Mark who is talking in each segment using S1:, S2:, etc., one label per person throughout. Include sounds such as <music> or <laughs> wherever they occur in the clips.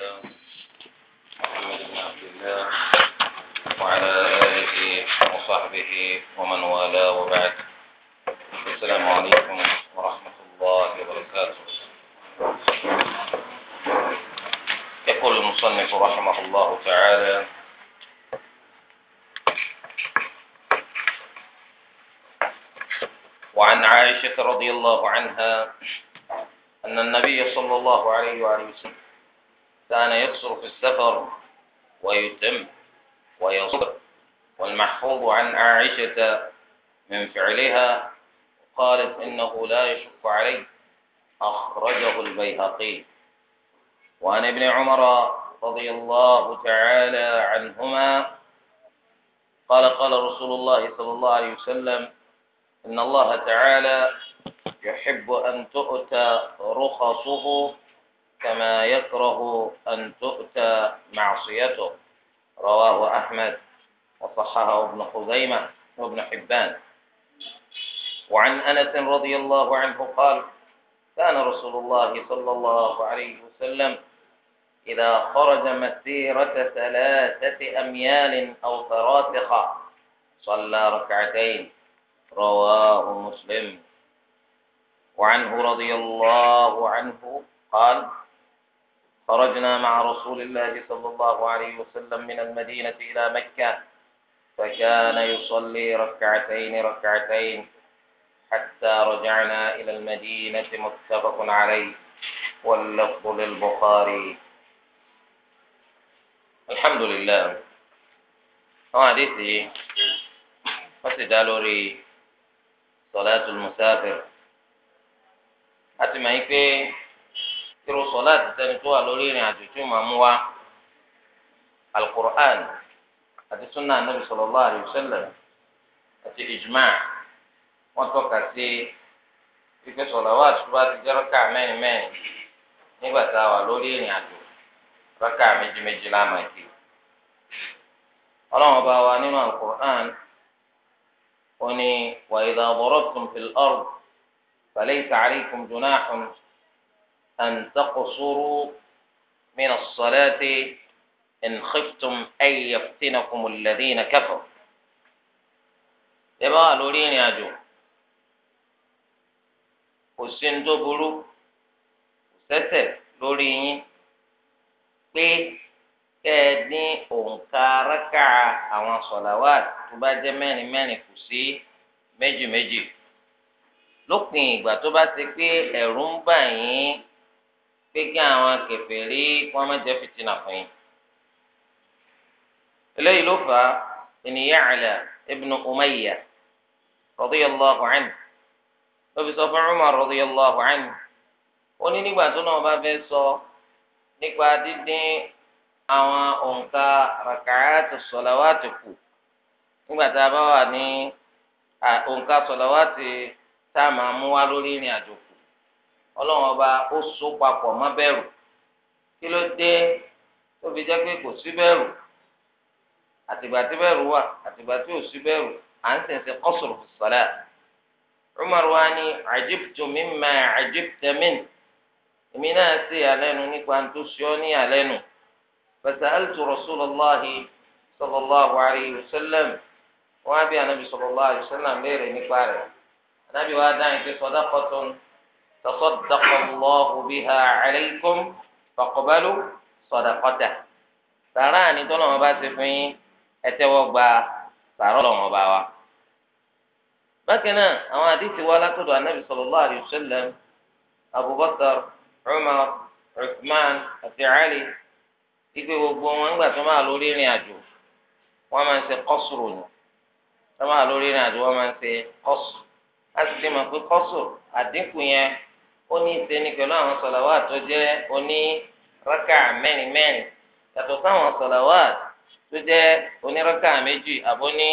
S1: محمد بن عبد الله وعلى آله وصحبه ومن والاه وبعد السلام عليكم ورحمة الله وبركاته يقول المصنف رحمه الله تعالى وعن عائشة رضي الله عنها أن النبي صلى الله عليه وآله وسلم كان يقصر في السفر ويتم ويصبر والمحفوظ عن عائشة من فعلها قالت إنه لا يشق عليه أخرجه البيهقي وعن ابن عمر رضي الله تعالى عنهما قال قال رسول الله صلى الله عليه وسلم إن الله تعالى يحب أن تؤتى رخصه كما يكره أن تؤتى معصيته رواه أحمد وصححه ابن خزيمة وابن حبان وعن أنس رضي الله عنه قال كان رسول الله صلى الله عليه وسلم إذا خرج مسيرة ثلاثة أميال أو تراتخة صلى ركعتين رواه مسلم
S2: وعنه رضي الله
S1: عنه قال خرجنا مع رسول الله صلى الله عليه وسلم من المدينة إلى مكة فكان يصلي ركعتين ركعتين حتى رجعنا إلى المدينة متفق عليه واللفظ للبخاري الحمد لله àwọn àdéhùn صلاة المسافر sì dá lórí irú sọlá àtẹni tó wà lórí ìrìn àjò tí ó máa mú wa alukur'an àti sunna anabi sallallahu alaihi wasallam àti ijma wọn tọ́ka sí ìpè sọlá wa àtúbà ti jẹ rọkà mẹ́rin mẹ́rin nígbà tá a wà lórí ìrìn àjò rọkà méjì méjì kí ọlọ́run bá wa nínú alukur'an ó ní wa idha darabtum fil ard falaysa alaykum junahun. أن تقصروا من الصلاة إن خفتم أن يفتنكم الذين كفروا ìbá wà lórí ìrìn àjò kò sí ní tó burú kò sẹ́sẹ̀ lórí yín pé kẹ́ ẹ dín òǹkà rákà àwọn sọ̀làwà tó bá jẹ́ mẹ́rin mẹ́rin kù sí méjì méjì lópin ìgbà tó bá ti pé ẹ̀rù ń bà yín. pé kí àwọn kèfèrí wọn má jẹ́ fìtínà fún yín. eléyìí ló fà á ni Ya'la ibn Umayya radiyallahu anhu lóbi sọ fún Umar radiyallahu anhu ó ní nígbà tó náà bá fẹ́ sọ nípa dídín àwọn òǹkà raka'atu salawati kù nígbà tá a bá wà ní òǹkà salawati tá a máa mú wá lórí ìrìn àjò ọlọ́run ọba ó so papọ̀ mọ́ bẹ̀rù kí ló dé tó fi jẹ́ pé kò sí bẹ̀rù àtìgbà tí bẹ̀rù wà àtìgbà tí ò sí bẹ̀rù à ń sẹ̀nsẹ̀ kọ́sùrù sọ̀lá Umar wa ni ajibtu mimma ajibta min èmi náà ṣe àlẹ́nu nípa tó ṣe ọ́ ní àlẹ́nu fasaltu rasulullahi sallallahu alayhi wa sallam á bí anabi sallallahu alayhi léèrè nípa rẹ̀ anabi wa dáhùn pé sadaqatun. تصدق الله بها عليكم فاقبلوا صدقته sàrà ni tọ́lọ́mọ bá ṣe fún yín ẹ tẹ́wọ́ gba sàrà ọlọ́mọ bá wa. bákan náà àwọn àdìsí wa látọ̀dọ̀ anábì sallallahu alayhi wa sallam abubakar umar usman àti ali ìgbé gbogbo wọn ńgbà tó máa lórí ìrìn àjò wọn máa ń ṣe kọ́sùrù ni tó máa lórí ìrìn àjò wọn máa ń ṣe kọ́sù láti lè mọ̀ pé kọ́sù àdínkù yẹn ó ní í ṣe ní pẹ̀lú àwọn sọ̀làwà tó jẹ́ oní rákà mẹ́rin mẹ́rin yàtọ̀ sáwọn sọ̀làwà tó jẹ́ oní rákà méjì àbó ní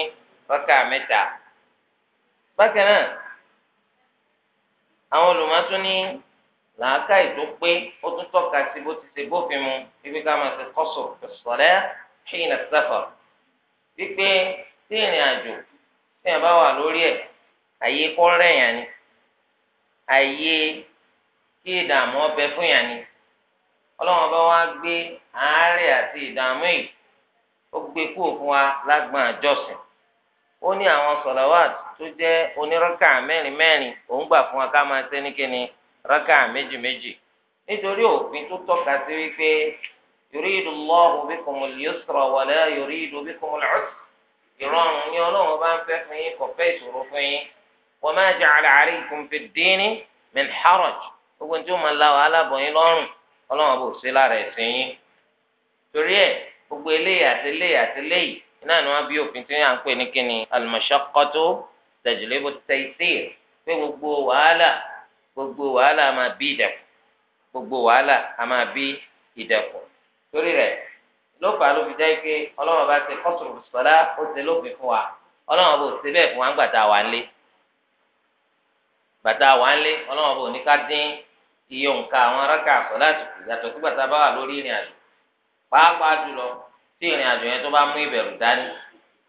S1: rákà mẹ́ta. bákan náà àwọn olùmọ̀tún ní làákàyè tó pé ó tún tọ́ka sí bó ti ṣe bófin mu ibi ká máa ṣe kọ́sọ̀ ìsọ̀lẹ́ ṣì ń sẹ́fọ̀ wípé tí ìrìn àjò tí ẹ̀ wà lórí ẹ̀ àyè kọ́ rẹ̀yàn ni àyè kí ìdààmú ọbẹ fún yàn ni ọlọ́run bá wá gbé àárẹ̀ àti ìdààmú yìí ó gbé kúrò fún wa lágbọn àjọsìn ó ní àwọn sọ̀làwàt tó jẹ́ onírọ́kà mẹ́rin mẹ́rin òun gbà fún wa ká máa ṣe ní kíni rọ́kà méjì méjì nítorí òfin tó tọ́ka sí wípé yuridu Allahu bikumul yusra wala yuridu bikumul usra
S2: ìrọ̀rùn ni ọlọ́run
S1: bá ń fẹ́ fún yín kò fẹ́ ìṣòro fún yín wa ma ja'ala alaykum fid dini min haraj gbogbo tí ma máa la wàhálà bọ̀ yín lọ́rùn ọlọ́run bò sí lára ẹ̀sìn yín torí ẹ̀ gbogbo eléyìí àti eléyìí àti eléyìí iná ni wọ́n bí òfin tí à ń pè ní kíni al-mashaqqatu gbogbo wàhálà gbogbo wàhálà a máa bí ìdẹ̀kùn gbogbo wàhálà a máa bí ìdẹ̀kùn torí rẹ̀ ló fà á ló fi jẹ́ pé ọlọ́run bá ti kọ́sùrù sọ́lá ó ti iye òǹkà àwọn arákà àfọláàtì kù yàtọ̀ sígbà tá a bá wà lórí ìrìn àjò pàápàá jùlọ tí ìrìn àjò yẹn tó bá mú ìbẹ̀rù dání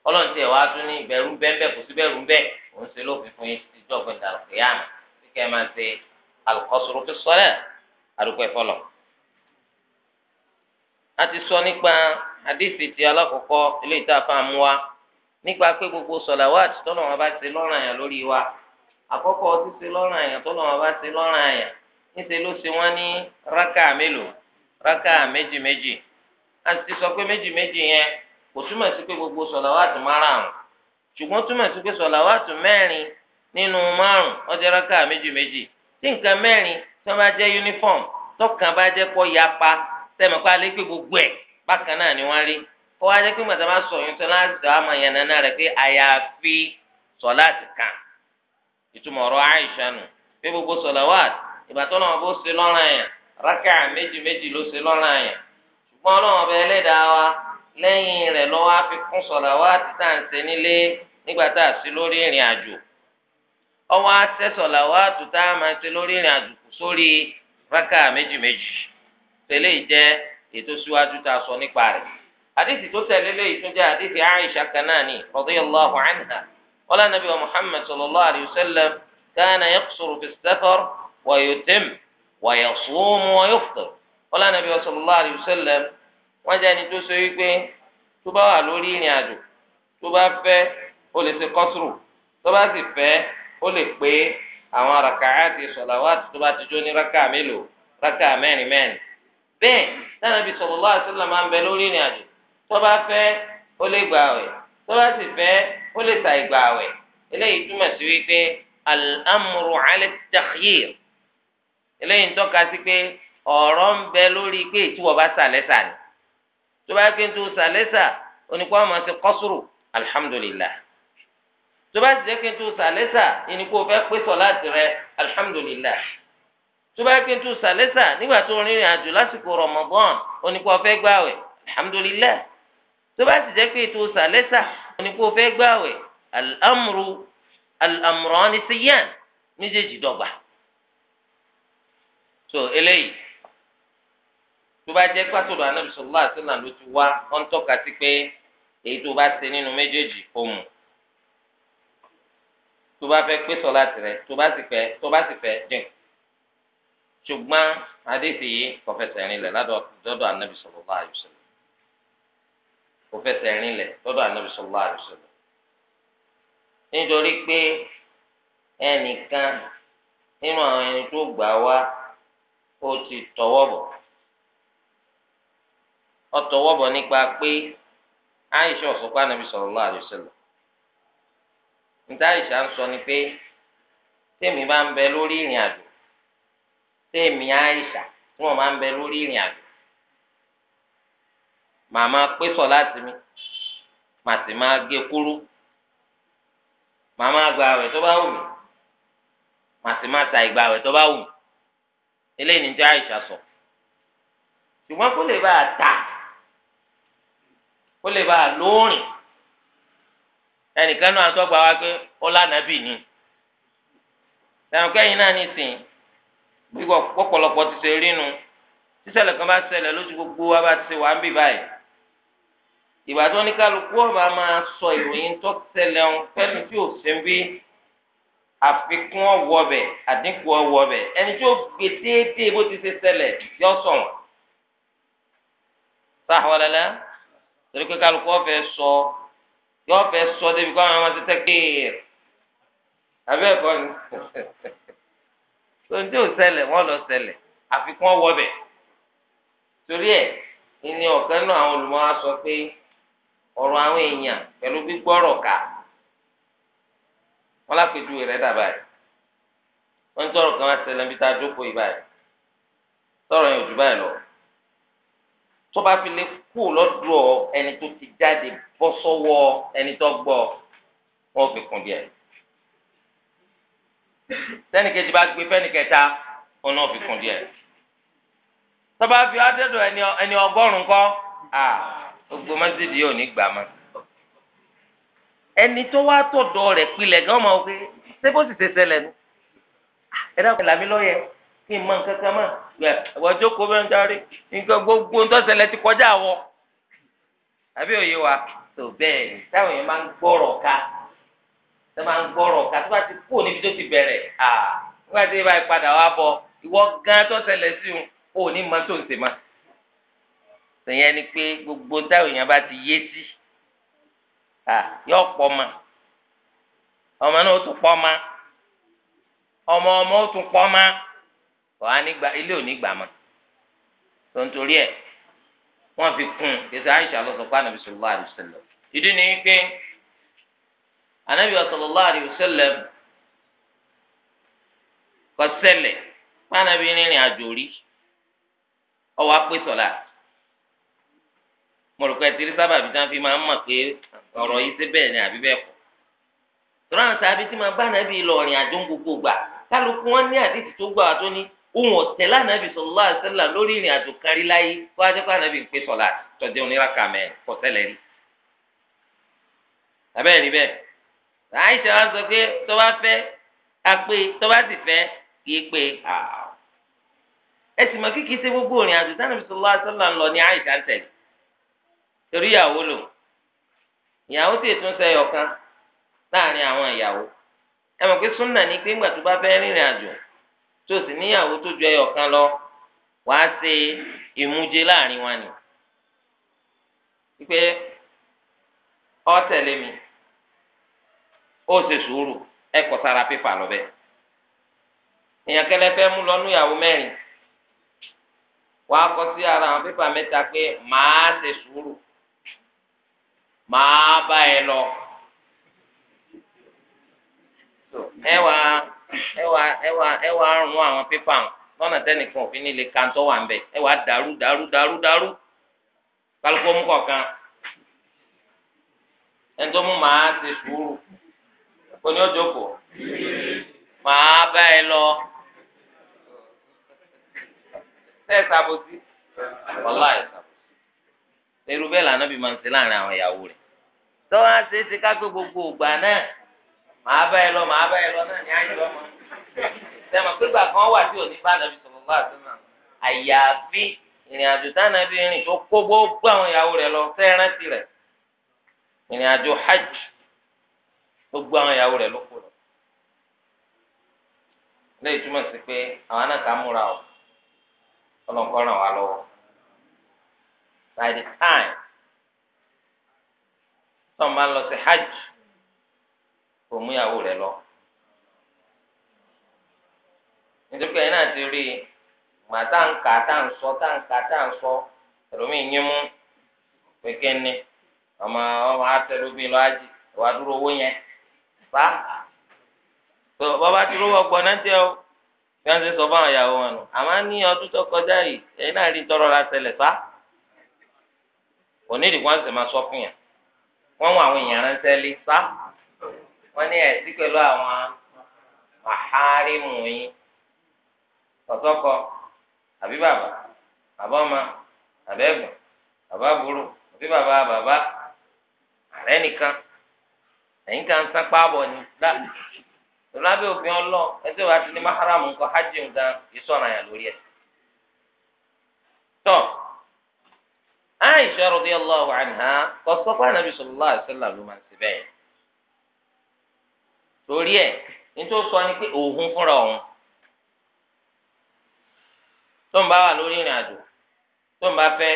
S1: ọlọ́run tiẹ̀ wá tún ní ìbẹ̀rù bẹ́ẹ̀ kò sí bẹ̀rù bẹ́ẹ̀ òun ṣe lófin fún yín títí jọ̀gbìn dàrúkẹ́ yáàmù tí kẹ́ máa ṣe àlùkọ́sọ̀rọ̀ fi sọ́lẹ̀ àdúgbò ẹ̀fọ́lọ̀. a ti sọ nípa àdìsí ti alákọ̀ọ́kọ́ ilé ìtafà mú wa nípa pé gbogbo sọ̀làwáàtì tọ́lọ́run bá ti lọ́ràn àyàn lórí wa àkọ́kọ́ títí lọ́ràn àyàn tọ́lọ́run bá ti lọ́ràn àyàn níṣẹ́ ló ṣe wọ́n ní rákà mélòó rákà méjì a ti sọ pé méjì méjì yẹn kò túmọ̀ sí pé gbogbo sọ̀làwátù márùn ṣùgbọ́n túmọ̀ sí pé sọ̀làwátù mẹ́rin nínú márùn wọ́n jẹ́ rákà méjì tí nǹkan mẹ́rin tó bá jẹ́ uniform tọkàn bá jẹ́ kọ́ yapa pé gbogbo ẹ̀ bákan náà ni wọ́n rí wá jẹ́ pé bá sọ yín tó láti dá yẹn nana rẹ̀ pé àyàfi ìtumọ̀ ọ̀rọ̀ àìsàn nù pé ìgbà tó náà bó ṣe lọ́rùn àyàn rákà méjì méjì ló ṣe lọ́rùn àyàn ṣùgbọ́n ọlọ́run ọba ẹlẹ́dàá wa lẹ́yìn rẹ̀ lọ́wọ́ á fi kún sọ̀rọ̀ wá ti tà ń ṣe nílé nígbà tá a sí lórí ìrìn àjò ọwọ́ á ṣẹ́ sọ̀rọ̀ wá tó tá a máa ṣe lórí ìrìn àjò kù sórí rákà méjì méjì tẹ́lẹ̀ jẹ́ ètò síwájú tá a sọ nípa rẹ̀ àdìsí tó tẹ̀lé léyìí tó jẹ́ àdìsí Aisha kan náà ni ويتم ويصوم ويفطر قال النبي صلى الله عليه وسلم wọ́n jẹ́ ẹni tó so yí pé tó bá wà lórí ìrìn àjò tó bá fẹ́ ó lè ṣe kọ́sùrù tó bá sì fẹ́ ó lè pé àwọn rakaati sọ̀làwàtì tó bá ti jó ní raka mélòó raka mẹ́rin mẹ́rin bẹ́ẹ̀ Ànábì sallallahu alaihi wasallam máa ń bẹ lórí ìrìn àjò tó bá fẹ́ ó lè gbààwẹ̀ tó bá sì fẹ́ ó lè ṣàìgbààwẹ̀ eléyìí túmọ̀ sí wípé al-amru ala at eléyìí ń tọ́ka sí pé ọ̀rọ̀ ń bẹ lórí pé ìtúwọ̀ bá sàlẹ́sà ni tó bá pé tó sàlẹ́sà oníkọ́ ọmọ ti kọ́sùrù alihamudulilah tó bá jẹ́ pé tó sàlẹ́sà ìníkọ́ fẹ́ pé sọ láti rẹ alihamudulilah tó bá pé tó sàlẹ́sà nígbà tó rìnrìn àjò lásìkò rọmọbọ́n oníkọ́ fẹ́ gbàwẹ̀ alihamudulilah tó bá ti jẹ́ pé tó sàlẹ́sà oníkọ́ fẹ́ gbàwẹ̀ alamuru alamurani siyan méjèèjì dọ́gba so eléyìí tó bá jẹ́ pàtàkì anabi sallallahu alaihi wasallam ló ti wá wọ́n tọ́ka sí pé èyí tó bá ṣe nínú méjèèjì kò mú tó bá fẹ́ pé sọlá tirẹ̀ tó bá sì fẹ́ tó bá sì fẹ́ dín ṣùgbọ́n adéṣe yìí kò fẹsẹ̀ rinlẹ̀ lọ́dọ̀ anabi sallallahu alaihi wasallam kò fẹsẹ̀ rinlẹ̀ lọ́dọ̀ anabi sallallahu alaihi wasallam nítorí pé ẹnìkan nínú àwọn ẹni tó gbà wá. O ti tọwọ́ bọ̀ ó tọwọ́ bọ̀ nípa pé Aisha ọ̀sọ́pá sọrọ lọ alaihi wasallam níta Aisha ń ni pé tèmi bá ń bẹ lórí ìrìn àjò tèmi Aisha tí wọ́n máa ń bẹ lórí ìrìn àjò màmá pésọ̀ láti mi màtí máa gé kúrú màmá gba àwẹ̀ tó bá wù mí màtí máa eléyìí ní jẹ́ àìsà sọ ṣùgbọ́n kó lè bá a ta kó lè bá a lóorìn ẹnìkan náà tó gba wá pé ọlá nàbì ni tẹnukẹ́yìn náà ní sìn bí pọ̀pọ̀lọpọ̀ ti ṣe rí nu sísẹ̀lẹ̀ kan bá ṣẹlẹ̀ lójú gbogbo wa bá ti wà ń bì báyìí ìbátan ní kálukú ọba máa sọ ìròyìn tó ṣẹlẹ̀ ń fẹ́ni tí ò sí ń bí àfikún ọwọbẹ àdínkù ọwọbẹ ẹni tí ó gbé déédéé bó ti ṣe ṣẹlẹ̀ yọ sọ̀rọ̀ sáwọlẹlẹ torí pé kálukú ọfẹ sọ yọ fẹ sọ débi kọ́ àwọn ọmọ tẹ́tẹ́ kéèr abẹ́ ẹ̀kọ́ ni tó <laughs> ń tí ò ṣẹlẹ̀ wọ́n lọ ṣẹlẹ̀ àfikún ọwọbẹ torí ẹ̀ ìní ọ̀kan náà àwọn olùmọ̀ á sọ pé ọ̀rọ̀ àwọn èèyàn pẹ̀lú gbígbọ́rọ̀ ká wọn lápẹjù rẹ dà báyìí wọn ń tọrọ kan ṣẹlẹ̀ níbi tá a jókòó yìí báyìí tọrọ yẹn ò jù báyìí lọ tó bá fi lè kú lọ́dọ̀ ẹni tó ti jáde bọ́ sọ́wọ́ ẹni tó gbọ́ wọn fi kún díẹ̀ sẹ́nìkejì bá gbé fẹ́nìkẹta wọn náà fi kún díẹ̀ tọ́ba fi adẹ́dọ̀ ẹni ọgọ́rùn-ún kọ́ gbogbo mọ́sídìí yóò ní gbà máa ẹni tó wá tọ̀dọ̀ rẹ̀ pilẹ̀ gan ma wọ́pẹ́ ṣé bó sì ṣe ṣẹlẹ̀ nu ah, ẹ dákun làmí lọ́yẹ kí n mọ nǹkan kan mọ̀ ẹ wọ́n jókòó bẹ́ẹ̀ ń darí nǹkan gbogbo ń tọ́sẹ̀lẹ̀ ti kọjá àwọ̀ àbí òye wa tó bẹ́ẹ̀ táwọn yẹn máa ń gbọ́rọ̀ ká tó máa ń gbọ́rọ̀ ká tó bá ti kú níbi tó ti bẹ̀rẹ̀ à nígbà tí ìbá ìpadà wá bọ̀ ìwọ gan tọ́sẹ̀lẹ̀ sí un ò ní mọ tó ń ṣe mọ́ sèyẹn ni pé gbogbo táwọn yẹn bá ti yé sí. Si yọ pọ̀ ma ọmọ náà ó tún pọ̀ ma ọmọ ọmọ ó tún pọ̀ ma wàá nígbà ilé ò ní gbà ma tó ń torí ẹ̀ wọ́n fi kún ètò àyíṣà lọ sọ pé ànàbì sallallahu alaihi wasallam ìdí ni pé ànàbì sallallahu alaihi wasallam kò ṣẹlẹ̀ pànàbì rìnrìn àjò rí ọwọ́ apẹ́sọ̀lá mo rò pé tìrí sábà bíi táwọn fi máa ń mọ̀ pé ọ̀rọ̀ yìí ṣe bẹ́ẹ̀ ni àbí bẹ́ẹ̀ kọ́ tọ́lá ń sábà tí máa bá nàbí lọ́ọ̀rìn àjọ ń gbogbo gbà kálukú wọn ní àdìsí tó gbà tó ní ohun ọ̀tẹ̀ lánàbí sallallahu alaihi wasallam lórí ìrìn àjò kárí láyé tó wá dẹ́kọ́ ànàbí ń pè sọ̀lá tọ́jú oníraka mẹ́ kọ́sẹ́lẹ̀ rí abẹ́ẹ̀ rí àìsàn wa sọ pé tó fẹ́ apé tó sì fẹ́ kì pé ẹ sì mọ kíkì sí gbogbo ìrìn àjò tánàbí sallallahu alaihi wasallam lọ ní àìsàn tẹ̀lé torí ìyàwó lò ìyàwó sì tún ṣe ọ̀kan láàrin àwọn ìyàwó ẹ mọ̀ pé súnà ní pé ńgbà tó bá fẹ́ rìnrìn àjò tó sì níyàwó tó ju ẹyọ kan lọ wàá ṣe ìmújẹ láàrin wọn ni wípé ọ tẹ̀lé mi ó ṣe sùúrù ẹ kọ sára pépà lọ bẹ́ẹ̀ èèyàn kẹlẹ́ fẹ́ mú lọ́nú ìyàwó mẹ́rin wàá kọ sí ara àwọn pépà mẹ́ta pé màá ṣe sùúrù màá bá ẹ lọ ẹ wá ẹ wá ẹ wá ẹ wá rún àwọn pépà wọn lọ́nà tẹ́nìkan òfin nílé kantọ́ wà ń bẹ̀ ẹ wá dàrú dàrú dàrú dàrú kálukó mú kọ̀ọ̀kan ẹni tó mú màá ti sùúrù kò ní ó jókòó màá bá ẹ lọ tẹ́ ẹ sábòsí wàláì sá irú bẹ́ẹ̀ lànà bí máa ń ṣe láàrin àwọn ìyàwó rẹ̀ tọ́wọ́ á ṣe é ṣe ká gbé gbogbo ògbà náà màá bá ẹ lọ màá bá ẹ lọ náà ní àyè ọmọ sẹ́mi pípa kan wà tí ò ní bá nàbí sọ̀rọ̀ bá àtúnà àyàfi ìrìn àjò táwọn ẹbí rìn tó kó gbogbo àwọn ìyàwó rẹ̀ lọ fẹ́ràn tirẹ̀ ìrìn àjò hajj gbogbo àwọn ìyàwó rẹ̀ ló kó lọ. lẹ́yìn túmọ̀ sí pé àwọn náà ká múra ọ̀ by the time tọ́n máa ń lọ sí hajj kò mú lọ. nítorí pé ẹ̀yin náà ti rí i màá tá ń kà tá ń sọ tá ń kà tá ń sọ ẹlòmíì yín mú pékè ní ọmọ ọmọ lọ hajj wàá dúró owó yẹn fa bàbá tí lówó ọgbọ́n náà o bí wọ́n ti sọ fáwọn ìyàwó wọn nù àmọ́ ní ọdún kọjá yìí náà tọrọ la onídìí wọn sì máa sọ fún yàn
S2: wọn wọn àwọn èèyàn ránṣẹ́
S1: lé sá wọn ní ẹsí pẹ̀lú àwọn àhárímù yín àbí bàbá bàbá ọmọ bàbá burú àbí bàbá bàbá àrẹ nìkan kan ni dá tòlábẹ òfin ọlọ ẹsẹ wàá ti ní nǹkan hajj nǹkan Aisha radiyallahu anha kò sọ pé anabi sallallahu alaihi wasallam ló máa ń ṣe bẹ́ẹ̀ torí ẹ̀ nítorí sọ ni pé òun fúnra òun tó ń bá wà lórí ìrìn àjò tó ń bá fẹ́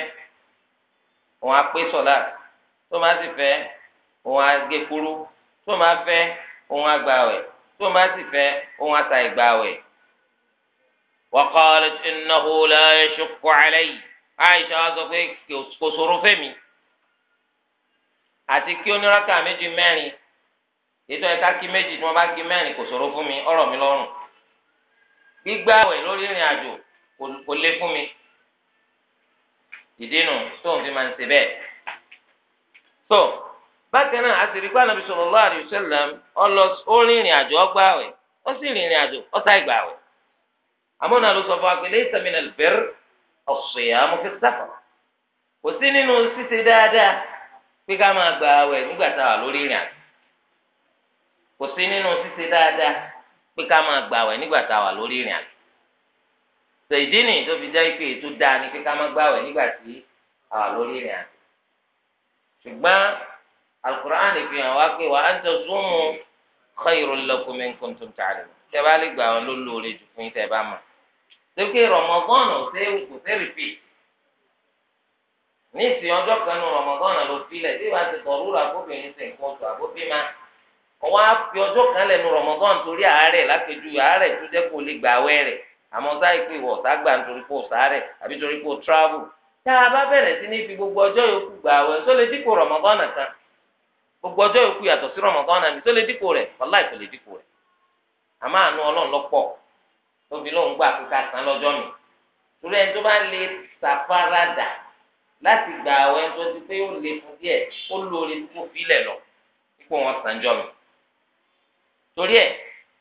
S1: òun á pé sọlá tó máa sì fẹ́ òun á gé kúrú tó máa fẹ́ òun á gbà wẹ̀ tó máa sì fẹ́ òun á ta ìgbà wẹ̀. wa qalat innahu la yashukku alayhi. Aisha wa sọ pé kò ṣòro fẹ́mi àti kí oníraka méjì mẹ́rin ètò ẹ̀ka kí méjì tí wọ́n bá kí kò fún mi ọrọ mi lọ́rùn gbígbá àwẹ̀ lórí ìrìn àjò kò lé fún mi ìdínú tóun fi máa ń ṣe bẹ́ẹ̀. tó bákan náà àti ìrìkọ́ ànábi sallallahu alaihi wasallam ó rin ìrìn àjò ọgbà àwẹ̀ ó sì rin ìrìn àjò ọ̀sà ìgbà àwẹ̀ àmọ́ náà ló sọ fún wa pé as-siyamu fi safar kò sí nínú ṣíṣe dáadáa pé ká máa gba àwẹ̀ nígbà tá a wà lórí ìrìn àjò kò sí nínú ṣíṣe dáadáa pé ká máa gba àwẹ̀ nígbà tá a wà lórí ìrìn àjò tò ìdí nìyí tó fi jẹ́ pé ètò dáa ni pé ká máa gba àwẹ̀ nígbà tí a wà lórí ìrìn àjò ṣùgbọ́n alukur'an fi hàn wá pé wà á ń tẹ súnmù khayrun lakum in tẹ bá lè gbà wọn ló lóore fún yín tẹ bá mọ̀. tókè Ramadan ò sé kò sé rìpì ní ìsìn ọjọ́ kan ní Ramadan ló filẹ̀ bí wàá ti tọrú ọjọ́ kan lẹ́nu Ramadan torí àárẹ̀ lápẹjù àárẹ̀ tó jẹ́ kó lè gbà wẹ́ rẹ̀ àmọ́ wọ̀ ságbà nítorí kó àbí torí a bá bẹ̀rẹ̀ sí gbogbo ọjọ́ yòókù gbà wẹ̀ tó lè gbogbo ọjọ́ yòókù yàtọ̀ sí tó lè dípò rẹ̀ lè dípò rẹ̀ tóbi ló ń gbà kíkà sàn lọ́jọ́ mi torí ẹni tó bá lè sàfaradà láti gbà àwọn ẹni tó ti pé ó lè fún díẹ̀ ó lóore tó kó filẹ̀ lọ kíkó wọn sàn jọ mi torí ẹ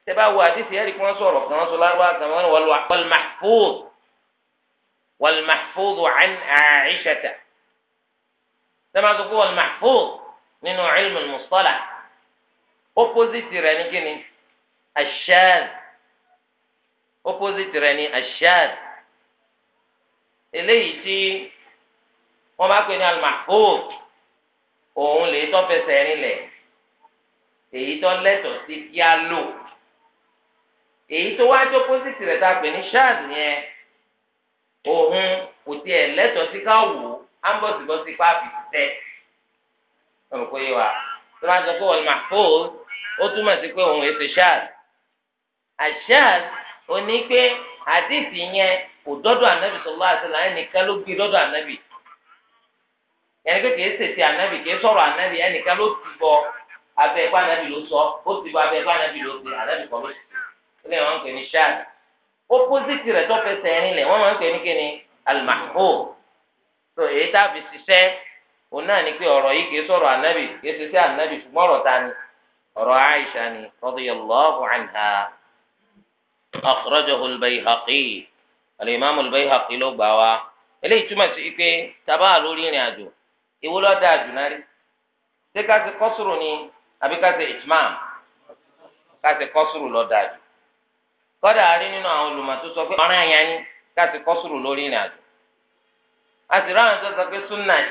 S1: tẹ bá wo àdìsí ẹ̀rí kí wọ́n sọ̀rọ̀ kan wọ́n sọ lárúbá kan wọ́n wọ́n lọ wal-mahfuz wal-mahfuz an kó wal nínú ilmu al-mustalah opposite rẹ̀ ní kíni ash opposite rẹ̀ ni ashaad eléyìí tí wọ́n bá pè ní al-mahfuz òun lè tó fẹsẹ̀ rinlẹ̀ èyí tó lẹ́tọ̀ọ́ sí kí á lò èyí tó wá jó opposite rẹ̀ tá a pè ní shaad yẹn òun kò tiẹ̀ lẹ́tọ̀ọ́ sí ká wò á ń bọ̀ sí bọ́ sí páàpì tẹ́ ọ̀rọ̀ kò yé wa tó bá sọ pé wal ó túmọ̀ sí pé òun èsè shaad ashaad. ó ní pé àdìsí yẹn kò dọ́dọ̀ ànábì sọ̀rọ̀ àtẹlẹ ẹnìkan ló gbé dọ́dọ̀ ànábì yẹn pé kìí ṣèṣe ànábì kìí sọ̀rọ̀ ànábì ẹnìkan ló ti bọ abẹ́ ẹ̀kọ́ ànábì ló sọ ó ti bọ abẹ́ ẹ̀kọ́ ànábì ló ṣe ànábì kọ́ ló ṣe ó lè wọ́n ń ṣáàd opposite rẹ̀ tó fẹsẹ̀ ẹ̀rin lẹ̀ wọ́n máa ń so èyí tá a fi ṣiṣẹ́ òun náà ni pé ọ̀rọ̀ yìí kìí sọ̀rọ̀ ànábì kìí ànábì ṣùgbọ́n ọ̀rọ̀ ta anha akhrajahu al-Bayhaqi al-Imam al-Bayhaqi ló gbà wá eléyìí túmọ̀ sí pé tábà lórí ìrìn àjò ìwó ló dáa jù náà rí ṣé ká ṣe kọ́sùrù ni àbí ká ṣe ìtìmáàmù ká ṣe kọ́sùrù ló dáa jù kọ́dà rí nínú àwọn olùmọ̀ tó sọ pé ọ̀ràn yẹn ni ká kọ́sùrù lórí ìrìn àjò a ráhùn tó sọ pé súnà ni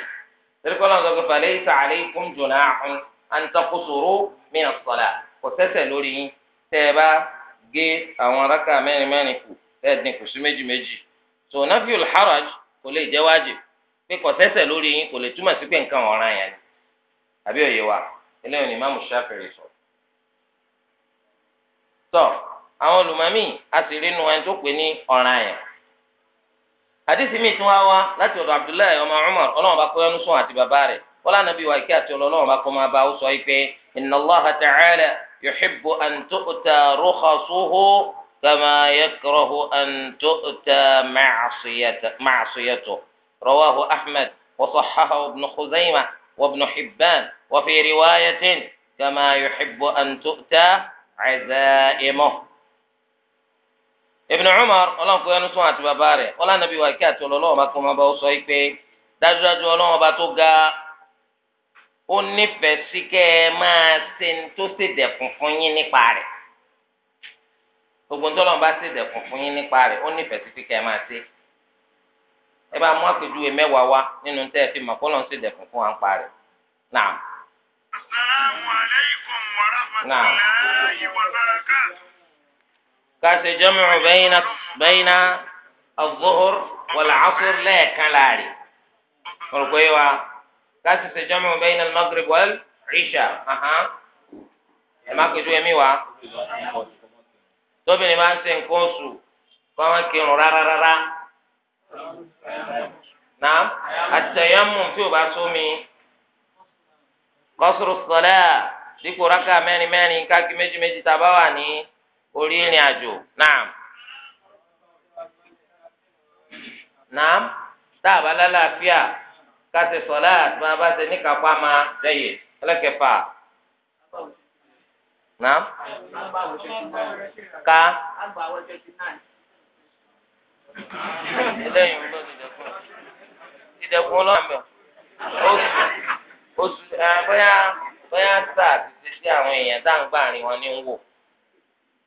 S1: tẹ̀lékọ́ sọ pé falaysa alaykum junahun an taqsuru min as-salah kò sẹ́sẹ̀ lórí yín tẹ́ bá gé àwọn rákà mẹ́rin mẹ́rin kù bẹ́ẹ̀ dín kù sí méjì méjì tó nafiul haraj kò lè jẹ́ wájib pé kò sẹ́sẹ̀ lórí yín kò lè túmọ̀ sí pé nǹkan ọ̀ràn yẹn ni àbí òye wa eléyìí ni sọ. àwọn olùmọ̀mí a ẹni tó pè ní ọ̀ràn yẹn. àdìsí mi tún wá wá ọmọ Umar ọlọ́run bá kọ́ ẹnu sùn àti bàbá rẹ̀ wọ́n lánàá bí wa àti ọlọ́run bá kọ́ máa bá يحب أن تؤتى رخصه كما يكره أن تؤتى معصيته رواه أحمد وصححه ابن خزيمة وابن حبان وفي رواية كما يحب أن تؤتى عزائمه ابن عمر ọlọ́run kò yẹnu sún àti bàbá rẹ̀ ọlọ́run nàbí wàkí àti ọlọ́run ọba kò máa ó nífẹ̀ẹ́ sí kẹ́ ẹ máa ṣe tó ṣe dẹ̀kun fún yín nípa rẹ̀ gbogbo ńtọ́lọ́n bá ṣe dẹ̀kun fún yín nípa rẹ̀ ó nífẹ̀ẹ́ sí kẹ́ ẹ máa ṣe ẹ bá mú àpèjúwe mẹ́wàá wá nínú tẹ́ ẹ fi mọ̀ kọ́lọ́n ṣe dẹ̀kun fún wa ń pa rẹ̀ náà. náà kàṣe jọ́mìrì bẹ́yìnà bẹ́yìnà az-zuhur wal-asr lẹ́ẹ̀kan láàrin. لا. rò pé wa láti ṣe jamu bayna al-maghrib wal-isha ẹ má pèjú ẹmí wa tóbìnrin máa ń ṣe nǹkan oṣù kó wọn kírun rárá rárá náà àtẹ̀yẹ́mù tí ò bá tó mi kọ́sùrù sọ̀lẹ́ dípò rákà mẹ́rin mẹ́rin káàkiri méjì méjì tá a bá wà ní orí ìrìn àjò náà náà tá a bá lálàáfíà kásì sọlá àti máa bá ṣe níkàpá máa dẹyẹ ẹlẹkẹfà nà ká eléyìí ló ti dẹkùn ìdẹkùn ọlọ́mọ oṣù ẹ bóyá bóyá sáà ti ṣe sí àwọn èèyàn tá à gbà rìn wọn ní ń wò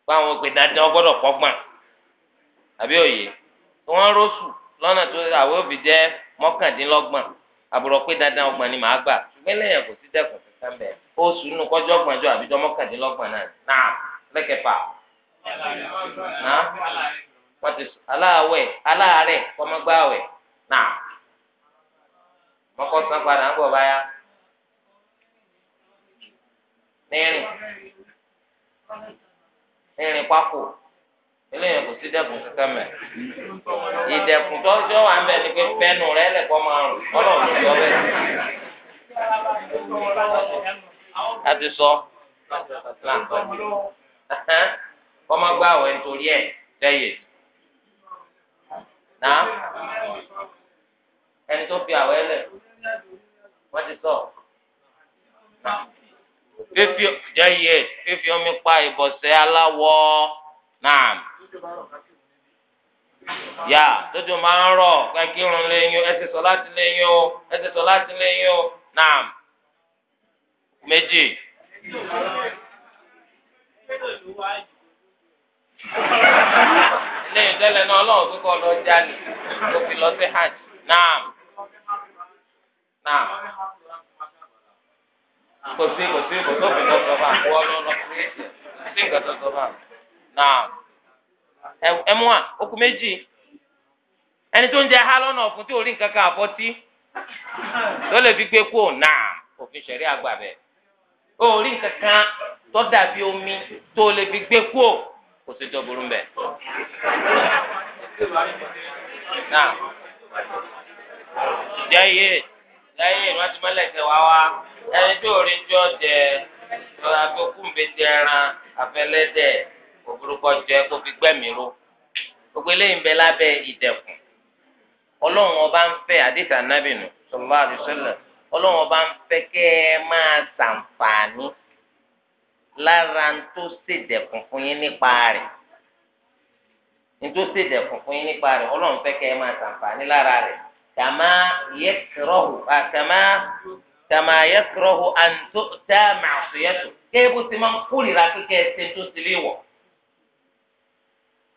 S1: báwọn òpè dandan gbọ́dọ̀ kọ́gbọ́n àbí òye wọn rọṣù lọ́nà tó àwọn òbí jẹ mọ́kàndínlọ́gbọ̀n. àbúrò pé dandan ọgbọ̀n ni màá gbà ṣùgbọ́n lẹ́yìn kò sí dẹ́kun kankan bẹ́ẹ̀ ó sùn nù kọjọ́ ọgbọ̀njọ́ àbí náà náà lẹ́kẹ̀fà náà wọ́n ti eléyìí kò sí dẹkùn kankan mẹ ìdẹkùn tọjọ wà ń bẹ ni pé pẹnu rẹ lẹkọọ máa rùn Ọlọ́run ló yọ bẹ́ẹ̀. a ti sọ kọ́má gbá àwẹ̀ nítorí ẹ̀ tẹ́yẹ̀ náà ẹni tó fi àwẹ̀ lẹ̀ wọ́n ti sọ fífi jẹ́ yẹ fífi omi pa ìbọ̀sẹ̀ aláwọ̀ náà. yà tójú máa ń rọ̀ kẹ́kírun lẹ́yìn ẹsẹ̀ sọ láti lẹ́yìn o ẹsẹ̀ sọ láti lẹ́yìn o naam méjì. lẹ́yìn tẹ́lẹ̀ náà ọlọ́run tó lọ tó fi lọ sí hajj naam
S2: naam kò sí kò sí kò tó fi lọ sọ fún àkúọ́ lọ́wọ́ lọ́wọ́
S1: sí nǹkan tó sọ fún ẹmu a okùn méjì ẹni tó ń jẹ ha lọ́nà ọ̀fun tí ò rí nǹkan tó lè fi gbé kú ọ̀nà òfin ṣẹ̀rí àgbà bẹ̀ ó tó omi tó lè fi gbé kú kò sí mbẹ̀. náà wá wá ẹni tó rí ẹran òbúrúkọ jẹ kó fi gbẹ̀mí ró gbogbo eléyìí ń bẹ lábẹ́ ìdẹ̀kùn ọlọ́run ọba ń fẹ́ àdìsá nábìnú sọlá àdìsọlá ọlọ́run ọba ń fẹ́ kẹ́ ẹ máa ṣàǹfààní lára ń tó ṣèdẹ̀kùn fún yín nípa rẹ̀ ń tó ṣèdẹ̀kùn fún yín nípa rẹ̀ ọlọ́run fẹ́ kẹ́ ẹ máa ṣàǹfààní lára rẹ̀ kàmá yẹkìrọ̀hù àkàmá kàmá yẹkìrọ̀hù àǹtó tá a máa máa ń kórìíra kíkẹ́ ẹ tó ti léwọ̀.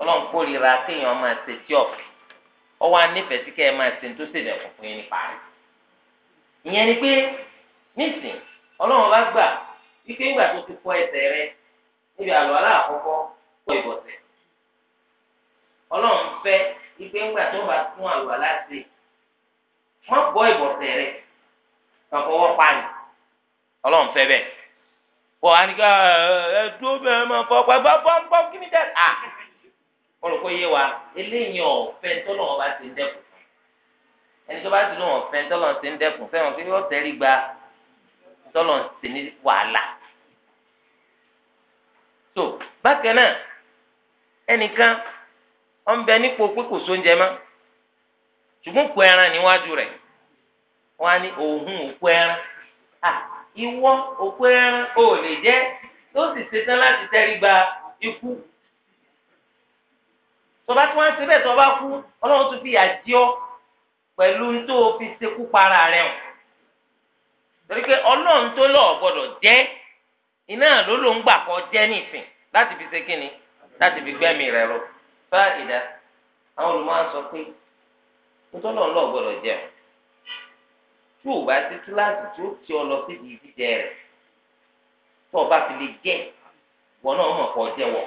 S1: ọlọ́run kórìíra kéèyàn máa ṣe tí ọ̀fẹ́ ọwọ́ anífẹ̀ẹ́ sí kẹ́ ẹ máa ṣe tó ṣe dẹ̀kun fún yín nípa rẹ̀. ìyẹn ni pé nísìn ọlọ́run bá gbà wípé ìgbà tó ti fọ ẹsẹ̀ rẹ níbi àlọ́ aláàkọ́kọ́ kó ìbọ̀sẹ̀. ọlọ́run fẹ́ wípé ìgbà tó bá tún àlọ́ aláṣẹ má bọ́ ìbọ̀sẹ̀ rẹ kàn fọwọ́ pa ni ọlọ́run fẹ́ bẹ́ẹ̀. wọ́n á ní ká ẹ̀ẹ́dúró bẹ́ẹ̀ máa fọ wọn rò pé yé wa eléyìí ọ̀fẹ́ tọ́lọ̀ wọn bá ti ń dẹ́kun ẹni tó bá ti lóun ọ̀fẹ́ tọ́lọ̀ ti ń dẹ́kun fẹ́ràn pé yóò tẹ́rí gba tọ́lọ̀ ti ní wàhálà. tó bákan náà ẹnìkan wọn bẹ nípò pé kò sóúnjẹ mọ́ ṣùgbọ́n kú ẹran níwájú rẹ̀ wọn á ní òun òkú ẹran ìwọ òkú ẹran ò lè jẹ́ tó sì ṣetán láti tẹ́rí gba ikú tọba tí wọn ṣe bẹ́ẹ̀ tọba kú Ọlọ́run tún fi yà jí ọ pẹ̀lú tó fi ṣekú para rẹ o torí pé Ọlọ́run tó lọ gbọ́dọ̀ jẹ iná ló ló ń gbà kọ jẹ nìsín láti fi ṣe kíni láti fi gbẹ̀mí rẹ lọ fẹ ìdá àwọn olùmọ̀ sọ pé nítorí Ọlọ́run lọ gbọ́dọ̀ jẹ o tí o bá ti kíláàsì tí ó ti ọ lọ síbi ìdíje rẹ tó o bá fi lè jẹ wọn náà mọ̀ kọ́ jẹ wọ̀.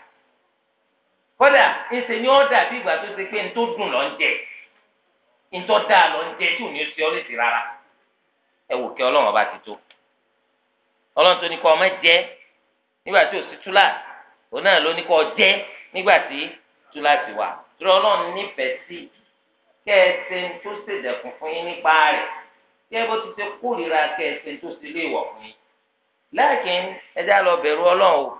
S1: kódà ẹsẹ̀ ni ọ́ dàbí ìgbà tó ṣe pé ní tó dùn lọ́n jẹ ní tó dáa lọ́n jẹ tí ò ní ṣe ọ́ lẹ́sìn rárá ẹ wò kí ọlọ́run ọba ti tó ọlọ́run tó ní kọ́ ọmọ jẹ nígbà tí ò sí túláàsì òun náà ló ní kọ́ jẹ nígbà tí túláàsì wà tí ọlọ́run nífẹ̀ẹ́ sí kẹ́ẹ̀sẹ̀ tó ṣèdẹ̀kùn fún yín nípa rẹ̀ kẹ́ẹ̀ bó ti ṣe kórìíra kẹ́ẹ̀sẹ̀ tó ṣe léèwọ̀ fún yín láàkín ẹ já lọ bẹ̀rù ọlọ́run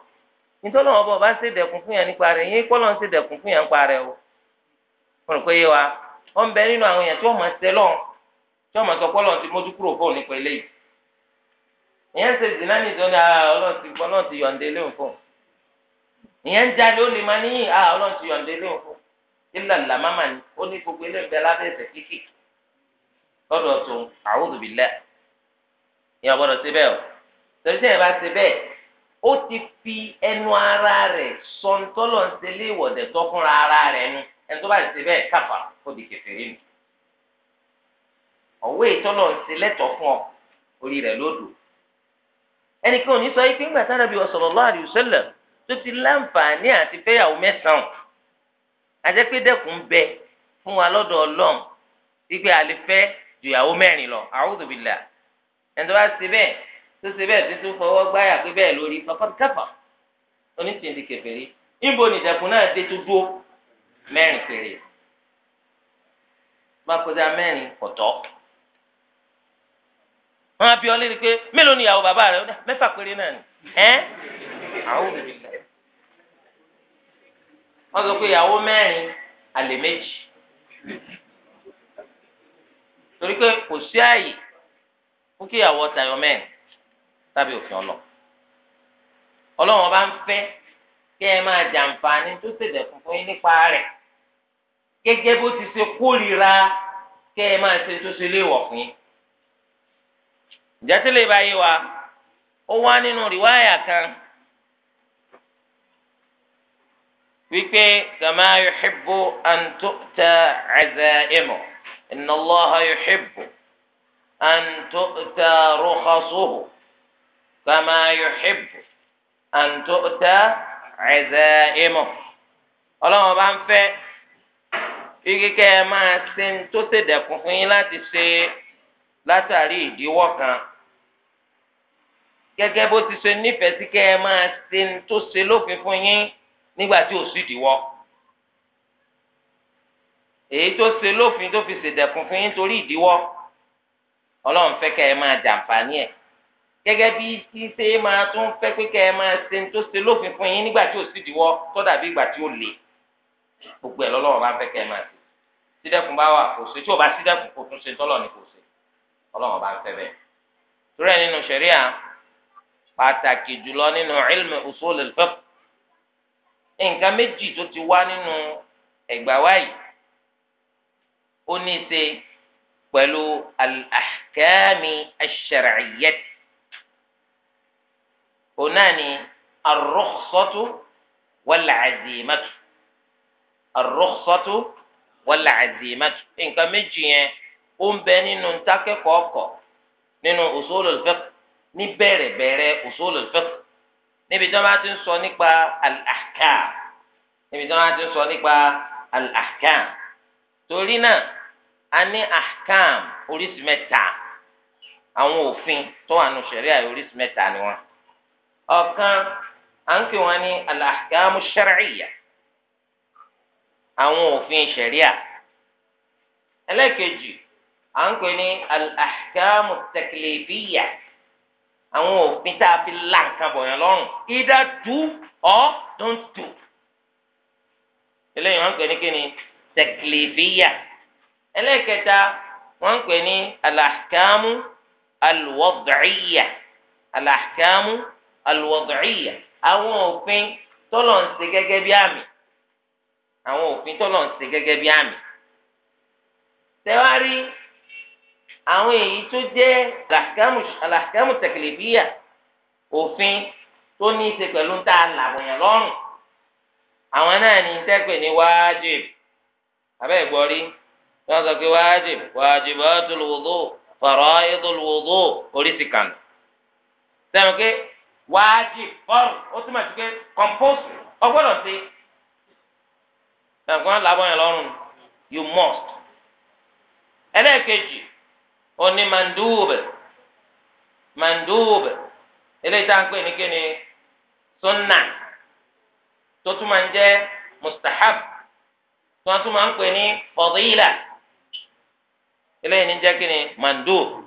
S1: nítorí wọn bọ̀ bá ṣe dẹ̀kun fún yàn nípa rẹ̀ yín kọ́ lọ́n ṣe dẹ̀kun fún yàn nípa o mo rò pé yé wa wọn bẹ nínú àwọn yẹn tí wọn máa ṣe lọ́n tí wọn máa sọ kọlọ ti mójú kúrò fóun nípa eléyìí ìyẹn ṣe zina ní ìjọ ara ah, ọlọ́run ti ti yọ̀ǹde ó ti fi ẹnu ara rẹ̀ sọ ntọ́lọ̀ ń ṣe lé ìwọ̀dẹ̀ tọ́ fúnra ara rẹ̀ nu ẹni tó bá ti ṣe bẹ́ẹ̀ káfà ó di kèfèrí nù ọ̀wé ìtọ́lọ̀ ń ṣe lẹ́tọ̀ fún ọ orí rẹ̀ lódò ẹnìkan ò ní sọ ike ńgbà sára bí sallallahu alaihi wasallam tó ti láǹfààní àti fẹ́yàwó mẹ́sàn-án àjẹpẹ́dẹ́kùn bẹ fún wa lọ́dọ̀ ọlọ́run wípé àlefẹ́ jùyàwó mẹ́rin lọ a'udhu ẹni tó bá ṣe bẹ́ẹ̀ tó ṣe bẹ́ẹ̀ tó tún fọwọ́ gbáyà pé bẹ́ẹ̀ lórí fọkàn kẹfà oníṣẹ́ǹdì kẹfẹ́rí níbo nìdẹ̀kùn náà dé tó dúró mẹ́rin péré bá kọjá mẹ́rin ọ̀tọ̀ wọn á bí ọ lérí pé mélòó ni ìyàwó bàbá rẹ ó dá mẹ́fà péré náà ni ẹ́ àwọn olùdílé wọn sọ pé ìyàwó mẹ́rin àlè méjì torí pé kò sí àyè fún kí ìyàwó tayọ mẹ́rin lábẹ́ òfin ọlọ Ọlọ́run ọba ń fẹ́ kẹ́ ẹ máa jàǹfààní tó ṣèdẹ̀kùn fún yín nípa rẹ̀ gẹ́gẹ́ bó ti ṣe kórìíra kẹ́ ẹ máa ṣe tó ṣe léèwọ̀ fún yín ìjátìlẹ̀ báyìí wa ó wá nínú rìwáyà kan wípé kàmá yuhibbu an tu'ta aza'imu inna Allaha yuhibbu an tu'ta rukhasuhu. فما يحب أن tu'ta عزائمه. ọlọ́run bá ń fẹ́ fi kíkẹ́ ẹ máa ṣe ń tó ṣèdẹ̀kùn fún yín láti ṣe látàrí ìdíwọ́ kan gẹ́gẹ́ bó ti ṣe nífẹ̀ẹ́ sí kẹ́ ẹ máa ṣe ń tó ṣe lófin fún yín nígbà tí ò sí ìdíwọ́ èyí tó ṣe lófin tó fi ṣèdẹ̀kùn fún yín torí ìdíwọ́ ọlọ́run fẹ́ kẹ́ ẹ máa jàǹfààní ẹ̀ gẹ́gẹ́ bí tí ṣe máa tún fẹ́ pé kẹ́ ẹ máa ṣe tó ṣe lófin fún yín nígbà tí ò sì dìwọ́ tó dàbí ìgbà tí ó le gbogbo ẹ̀ lọ́lọ́wọ́ bá fẹ́ kẹ́ ẹ máa ṣe sídẹ́kùn bá wà kò ṣe tí ò bá sídẹ́kùn kò tún ṣe tọ́lọ̀ ni kò ṣe ọlọ́wọ́ bá fẹ́ bẹ́ẹ̀. torí ẹ nínú ṣẹ̀ríà pàtàkì jùlọ nínú ilmi usul al nǹkan méjì tó ti wá nínú ẹ̀gbà wáyì ó ní í ṣe pẹ̀lú al-ahkami ash òun náà ni arrukhsatu wal azimatu arrukhsatu wal azimatu nǹkan méjì yẹn ó ń bẹ nínú ntakẹ́kọ̀ọ́ ọkọ̀ nínú usulul fiqh ní bẹ̀rẹ̀ bẹ̀rẹ̀ usulul fiqh níbi tí wọ́n bá ti ń sọ nípa al-ahkam níbi tí wọ́n bá ti ń sọ nípa al torí náà a ní ahkam oríṣi mẹ́ta àwọn òfin tó wà nù ṣẹ̀ríà oríṣi mẹ́ta ni wọ́n ọ̀kan à ń pè wọ́n ní al-ahkamu shar'iyya àwọn òfin ṣẹ̀ríà ẹlẹ́kejì à ń pè ní al-ahkamu taklifiyya àwọn òfin tá a fi la nǹkan bọ̀yàn lọ́rùn either do or don't do eléyìí wọ́n pè ní kíni tẹkìlìfìyà ẹlẹ́kẹta wọ́n pè ní alahkamu alwọ́dọ̀ọ́yà alahkamu alùwọ̀dọ̀ọ́yà àwọn òfin tọ́lọ̀ ń ṣe gẹ́gẹ́ bí àmì àwọn òfin tọ́lọ̀ ń ṣe gẹ́gẹ́ bí àmì. tẹ́wárí àwọn èyí tó jẹ́ alàkámù tẹ̀kìlìbíyà òfin tó ní í ṣe pẹ̀lú tá a làwọ̀yàn lọ́rùn àwọn náà ní tẹ́pẹ̀ ní wájib abẹ́ ìgbọ́rí wọ́n sọ pé wájib wájibatul wudu fara'idul wudu oríṣi kan. sẹ́wọ̀n pé wájib fọ́ọ̀rù ó túmọ̀ sí pé compose ọgbọ́dọ̀ sí ẹ̀gbọ́n làbọ̀ yẹn lọ́rùn you must ẹlẹ́ẹ̀kejì oní mandúbẹ̀ mandúbẹ̀ eléyìí tá à ń pè ní kíni sunna tó ń jẹ́ mustahab tó wọ́n túmọ̀ ń pè ní fadila eléyìí ní jẹ́ kíni mandúbẹ̀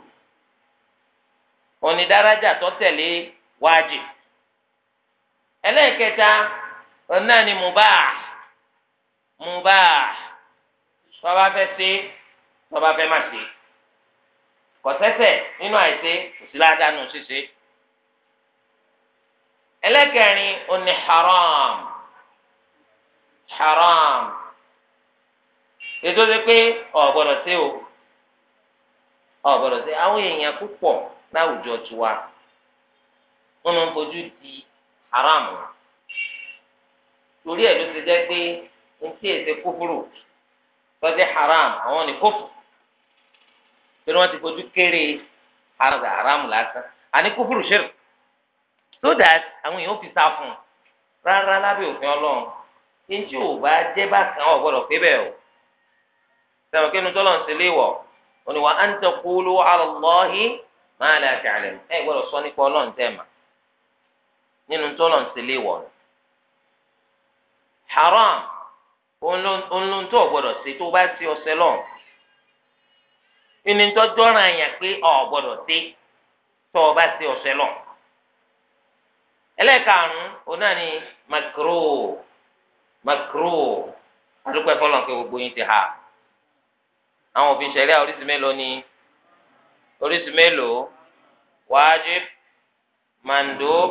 S1: wájib ẹlẹ́ẹ̀kẹta ọ̀nà ni mubah mubah tọ́ba fẹ́ ṣe tọ́ba fẹ́ má ṣe kọ̀sẹ́sẹ̀ nínú àìṣe òsínládánù ṣíṣe ẹlẹ́kẹrin ọ̀nà haram haram ètò ṣe pé ọ̀gbọ́dọ̀ ṣe o ọ̀gbọ́dọ̀ ṣe àwọn èèyàn púpọ̀ láwùjọ tiwa. wọn máa ń fojú di haram wọn torí ẹ̀ ló ti jẹ́ pé n tí èsè kúfúrú tọ́jú haram àwọn ní kófù torí wọ́n ti fojú kéré haram lásán àní kúfúrú ṣẹlẹ̀ so that àwọn èèyàn fi sá fún un rárá lábẹ́ òfin ọlọ́run tí ò bá jẹ́ bákan ọ̀ gbọ́dọ̀ pé bẹ́ẹ̀ o sẹ́wọ̀n kí ni tọ́lọ̀ ń sílé wọ̀ òní wa an taqulu ala Allahi ma la ta'lam ẹ̀ gbọ́dọ̀ sọ nípa ọlọ́run tẹ́ mà nínú tọ́lọ̀ ń ṣẹlẹ̀ wọ̀ ni haram òun tó gbọdọ̀ ṣe tó bá ṣe ọ̀sẹ̀ lọ ìní tọ́jọ́ ra yàn pé ọ̀ gbọdọ̀ ṣe tó o bá ṣe ọ̀sẹ̀ lọ ẹlẹ́ẹ̀karùn-ún òun náà ni makro makro àdúgbò ẹ̀fọ́ gbogbo yín ti ha àwọn òfin ṣẹlẹ̀ oríṣi mélòó ni oríṣi mélòó wájib mandub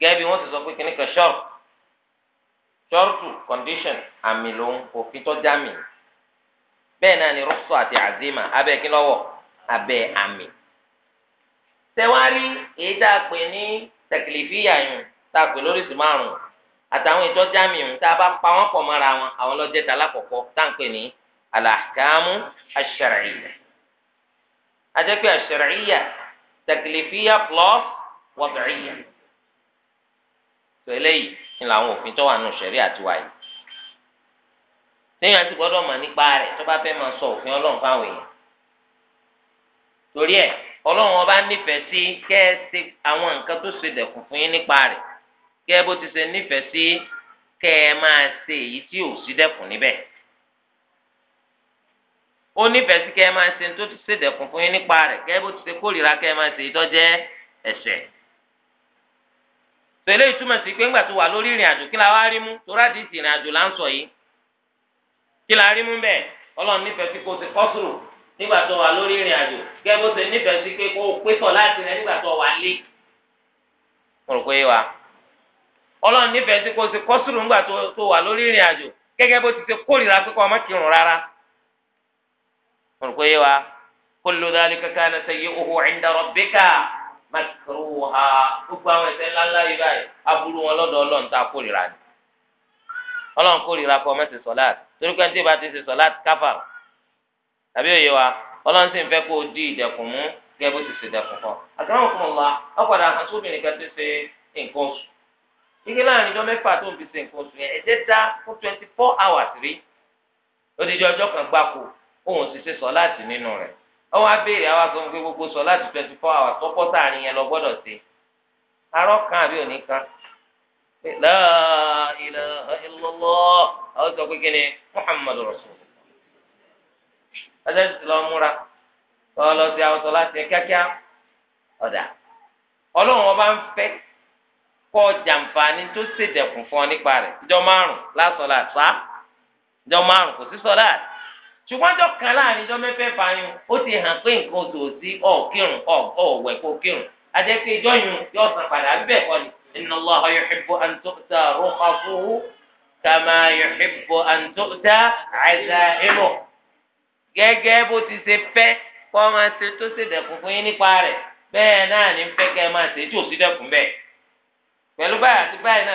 S1: gẹ́gẹ́ bí wọ́n ti sọ pé kíní kan ṣọ́ọ̀tù ṣọ́ọ̀tù condition àmì ló ń òfin tó jámì bẹ́ẹ̀ náà ni rọ́ṣọ̀ àti àzìmà abẹ́ kí lọ́wọ́ abẹ́ àmì. tẹ́wárí èyí tá a pè ní tẹ̀kìlìfíyà yùn tá a pè lóríṣìí márùn-ún àtàwọn ìjọ jámì yùn tá a bá pa wọ́n pọ̀ mọ́ra wọn àwọn lọ́jẹ́ ta lákọ̀ọ́kọ́ tá à ń pè ní tó eléyìí ni làwọn òfin tó wà nù sẹ̀rí àti wáyé lẹ́yìn àti gbọ́dọ̀ mọ̀ nípa rẹ̀ tó bá fẹ́ máa sọ òfin ọlọ́run fáwọn èèyàn torí ẹ̀ ọlọ́run ọba nífẹ̀ẹ́ sí kẹ́ ẹ ṣe àwọn nǹkan tó ṣe dẹ̀kùn fún yín nípa rẹ̀ kẹ́ ẹ bó ti ṣe nífẹ̀ẹ́ sí kẹ́ ẹ máa ṣe èyí tí ò sí dẹ̀kùn níbẹ̀ ó nífẹ̀ẹ́ sí kẹ́ ẹ máa ṣe tó ṣe dẹ̀kùn fún yín nípa rẹ̀ kẹ́ ẹ bó ti ṣe kórìíra kẹ́ ẹ máa ṣe ìtọ́jẹ́ ẹ̀ṣẹ̀ tẹ̀lé ìtumọ̀ sí pé ńgbà tó wà lórí ìrìn àjò kí la wá rí mú torí àdìsí ìrìn àjò là sọ yìí kí la rí mú bẹ́ẹ̀ ọlọ́run nífẹ̀ẹ́ sí kó ṣe kọ́sùrù nígbà tó wà lórí ìrìn àjò kẹ́ bó ṣe nífẹ̀ẹ́ sí pé kó láti wa ọlọ́run nífẹ̀ẹ́ sí kó kọ́sùrù tó wà lórí ìrìn àjò gẹ́gẹ́ bó ti kórìíra pé kó má makruha gbogbo àwọn ẹ̀ṣẹ̀ ńláńlá yìí báyìí aburú wọn lọ́dọ̀ Ọlọ́run tá a kórìíra ni Ọlọ́run kórìíra kọ ọmọ ti sọláàt torí pé tí ìbá ti ṣe sọláàt káfà tàbí òye wa Ọlọ́run sì ń fẹ́ kó o di ìdẹ̀kùn mú gẹ́gẹ́ bó ti ṣe dẹ̀kùn kọ àtàwọn òkun ọ̀la ọ̀padà àwọn sóbìnrin kan ti ṣe nǹkan oṣù igi láàrin ọjọ́ mẹ́fà tó ń fi ṣe nǹkan oṣù yẹn ẹ̀jẹ̀ dá fún twenty four hours rí odidi ọjọ́ kan gbáko òun sì ṣe sọláàt nínú rẹ̀ ọwọ abéèrè àwọn akọ fún gbogbo sọ láti twenty four hours tọpọ sáàrin yẹn lọ gbọ́dọ̀ arọ kan àbí òní kan la ilaha illallah àwọn sọ pé kí ni ọjọ́ tọ́ lọ sí àwọn sọ láti ẹ kíákíá ọ̀dà ọlọ́run ọba ń fẹ́ kọ́ jàǹfààní tó ṣèjẹ̀kùn fún ọ nípa rẹ̀ ìjọ márùn-ún lásọ̀lá sá ṣùgbọ́n jọ kan láàrin jọ mẹ́fẹ̀ẹ̀fà yun ó ti hàn pé nǹkan oṣù sí ọ̀kírun ọ̀wẹ̀ kó kírun àjẹpé ìjọ yun yóò san padà bẹ́ẹ̀ kọ́ ni inna Allaha yuhibbu an tu'ta rukhasuhu kama yuhibbu an tu'ta azaimuhu gẹ́gẹ́ bó ti ṣe fẹ́ kọ́ máa ṣe tó ṣe dẹ̀kun fún yín nípa rẹ̀ bẹ́ẹ̀ náà ní fẹ́ kẹ́ máa ṣe dẹ̀kun bẹ́ẹ̀ pẹ̀lú báyìí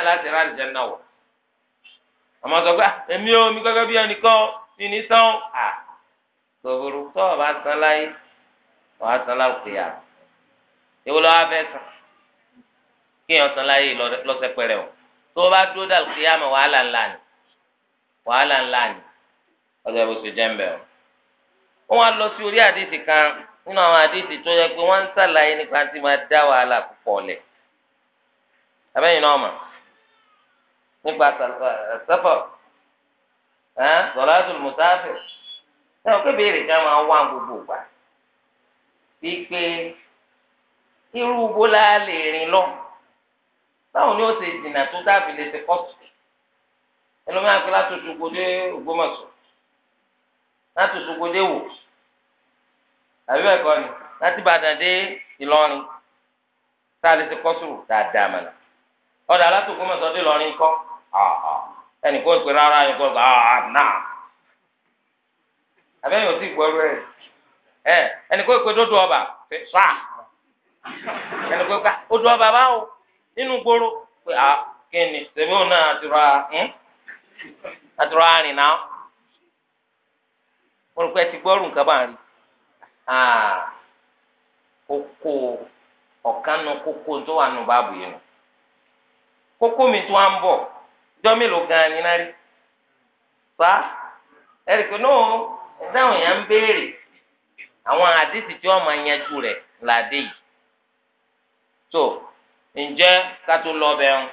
S1: àti nínú sàn à sòbòrò tó o bá san láyé o á san láwùjọ èwo lọ́wọ́ afẹ́ sàn kéèyàn san láyé lọ́sẹ̀ pẹ̀rẹ̀ o tó o bá dúró dàlù kíyàmọ̀ wàhálà ńlá ni wàhálà ńlá ni ọjọ́ ìbò ṣe jẹ́ ń bẹ̀rù. wọ́n wá lọ sí orí àdìsí kan nínú àwọn àdìsí tó yẹ pé wọ́n ń sàlàyé nípa tí máa dá wàhálà púpọ̀ lẹ̀. abẹ́yìn náà mọ̀ nípa sáfà sọláàtù mùsáfì náà pé béèrè kan máa ń wá gbogbo gbà wípé irú wo la lè rìn lọ báwo ni ó ṣe dìnnà tó dábì lè ṣe kọ́tù ẹlòmíì àti látòtò gbòdé Ògbómọ̀ṣọ́ látòtò gbòdé wò àbí ẹ̀kọ́ ni láti Ìbàdàn dé Ìlọrin tá a lè ṣe kọ́tù dáadáa mọ̀nà ọ̀dà látòkò mọ̀sọ́ dé Ìlọrin kọ́ ọ̀ọ́. ẹnì kan pè rárá ẹnì kan pè áà ah, náà àbẹ́yìn ò sì ẹ̀ ẹnì kan pè dódò ọba sọ́à ẹnì kan pè odò ọba báwo nínú gbòòrò pé à ah, kíni tèmi ò náà àtúrà àtúrà àrìn náà mo rò pé ẹ ti gbọ́rù nǹkan bá ń rí ah, jọ́ mélòó gan ni náà rí fa ẹ̀ríkì náà ẹ̀dáhùn yẹn ń béèrè àwọn àdìsí tí wọ́n máa yanjú rẹ̀ làdé yìí tó ǹjẹ́ kátó lọ bẹ̀rù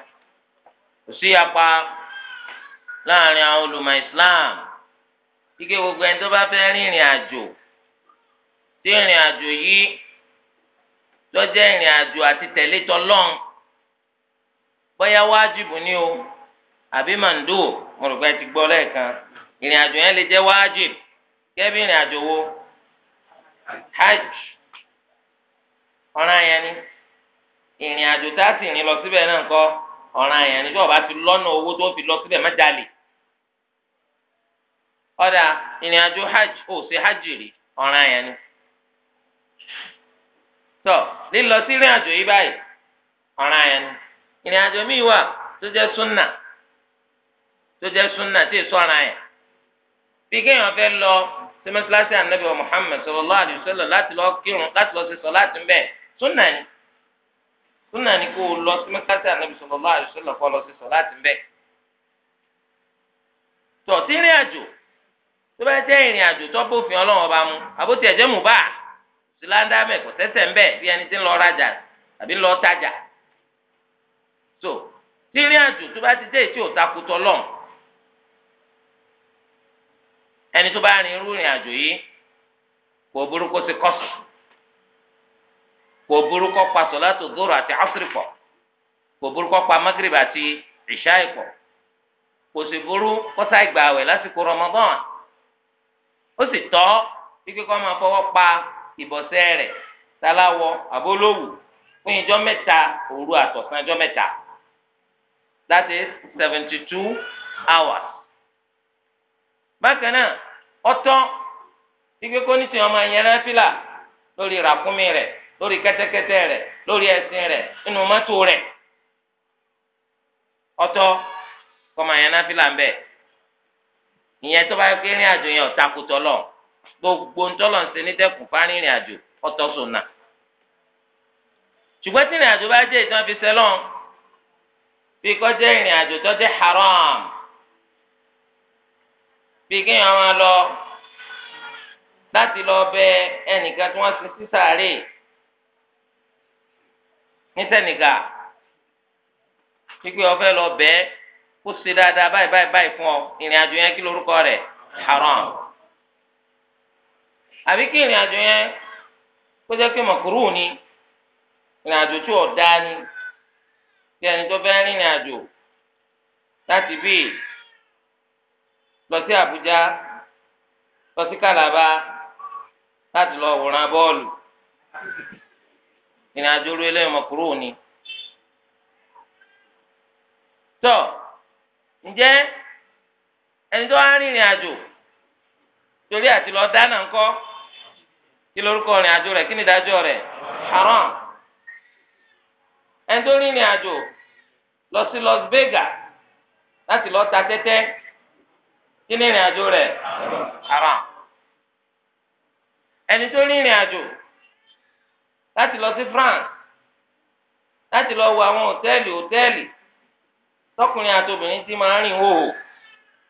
S1: kò sí apá láàrin àwọn olùmọ̀ Islam ike gbogbo ẹni tó bá fẹ́ rìnrìn àjò tí ìrìn àjò yìí lọ́jọ́ ìrìn àjò àti tẹ̀lé tọ́lọ́n bóyá wájìbù ni o. àbí màndó mo rò pé ti gbọ́ lẹ́ẹ̀kan ìrìn àjò yẹn lè jẹ́ wo hajj ọ̀ràn yẹn ni ìrìn àjò tá a sì rìn lọ síbẹ̀ náà ni bá ti lọ́nà owó tó fi lọ síbẹ̀ jalè ọ̀dà ìrìn àjò hajj ò hajj rí ọ̀ràn yẹn ni tọ́ lílọ sí ìrìn àjò yìí báyìí ni ìrìn àjò wà tó jẹ́ tó jẹ́ súnà tí èso ara yẹn bí kéèyàn fẹ́ lọ wa Muhammad sallallahu alaihi wasallam láti lọ kírun láti lọ sí sọ láti ń bẹ̀ súnà ni súnà ni kó o lọ sí mọ́sálásí ànábì sallallahu alaihi wasallam kó o lọ sí sọ láti ń bẹ̀ tọ̀ sí ìrìn àjò tó bá jẹ́ ìrìn àjò tó bófin ọlọ́wọ́ bá mu àbótí ẹ̀jẹ̀ mú bá síláńdà mẹ́ kò tẹ́sẹ̀ ń bẹ̀ bí ẹni tí ń lọ rajà tàbí so tí ìrìn àjò tó bá ti jẹ́ ètí òtakùtọ̀ lọ́hùn ẹni tó bá rin irú ìrìn àjò yìí kò burúkú sí kọ́sù kò burúkú pa sọ̀látò dóòrò àti ásírì pọ̀ kò burúkú pa magrib àti ìṣáì pọ̀ kò sì burú kọ́sà ìgbàwẹ̀ lásìkò rọmọdán ó sì tọ́ wípé kọ́ máa fọwọ́ pa ìbọ̀sẹ̀ rẹ̀ taláwọ abólówù fún ìjọ mẹ́ta òru àtọ̀sán ìjọ mẹ́ta that is seventy two hours. bákan náà ọtọ igbe kó ní tiwọn lori yẹn náfìlà lórí ràkúnmí re lórí kẹ́tẹ́kẹ́tẹ́ rẹ̀ lórí ẹṣin rẹ̀ nínú mọ́tò rẹ̀ ọtọ kó máa yẹn náfìlà ń bẹ ìyẹn tó bá yẹ àjò yẹn ọ̀tá gbogbo ńtọ́lọ̀ ń ní fárin ìrìn àjò ọtọ sùn ṣùgbọ́n tí ìrìn àjò bá fi haram bí kéèyàn máa lọ láti lọ bẹ ẹnìkan tí wọn sin sí sàárè ní Senegal pípé ọfẹ lọ bẹ kó ṣe dáadáa báyìí báyìí báyìí fún ọ ìrìn àjò yẹn kí lorúkọ rẹ̀ haram àbí kí ìrìn àjò yẹn kó jẹ́ pé mọ̀kúrú ni ìrìn àjò tí ò dáa ni kí ẹni tó fẹ́ rìnrìn àjò láti bíi lọ abuja, Àbújá kalaba, sí Kàlàbá láti lọ wòran bọ́ọ̀lù ìrìnàjò orí ẹlẹ́yìn ọmọkúrò ni. tọ́ ǹjẹ́ ẹni tó wá rìnrìn àjò torí àti lọ dáná ńkọ́ kí lórúkọ rìn àjò rẹ̀ kí ni ìdájọ́ rẹ̀ haram ẹni tó rìnrìn àjò lọ sí Las Vegas láti lọ ta tẹ́tẹ́. Kini ni ìrìn àjò rẹ̀ haram ẹni tó rí ìrìn àjò láti lọ sí France láti lọ wo àwọn hòtẹ́ẹ̀lì hòtẹ́ẹ̀lì tọkùnrin àti obìnrin ti máa rìn hóhò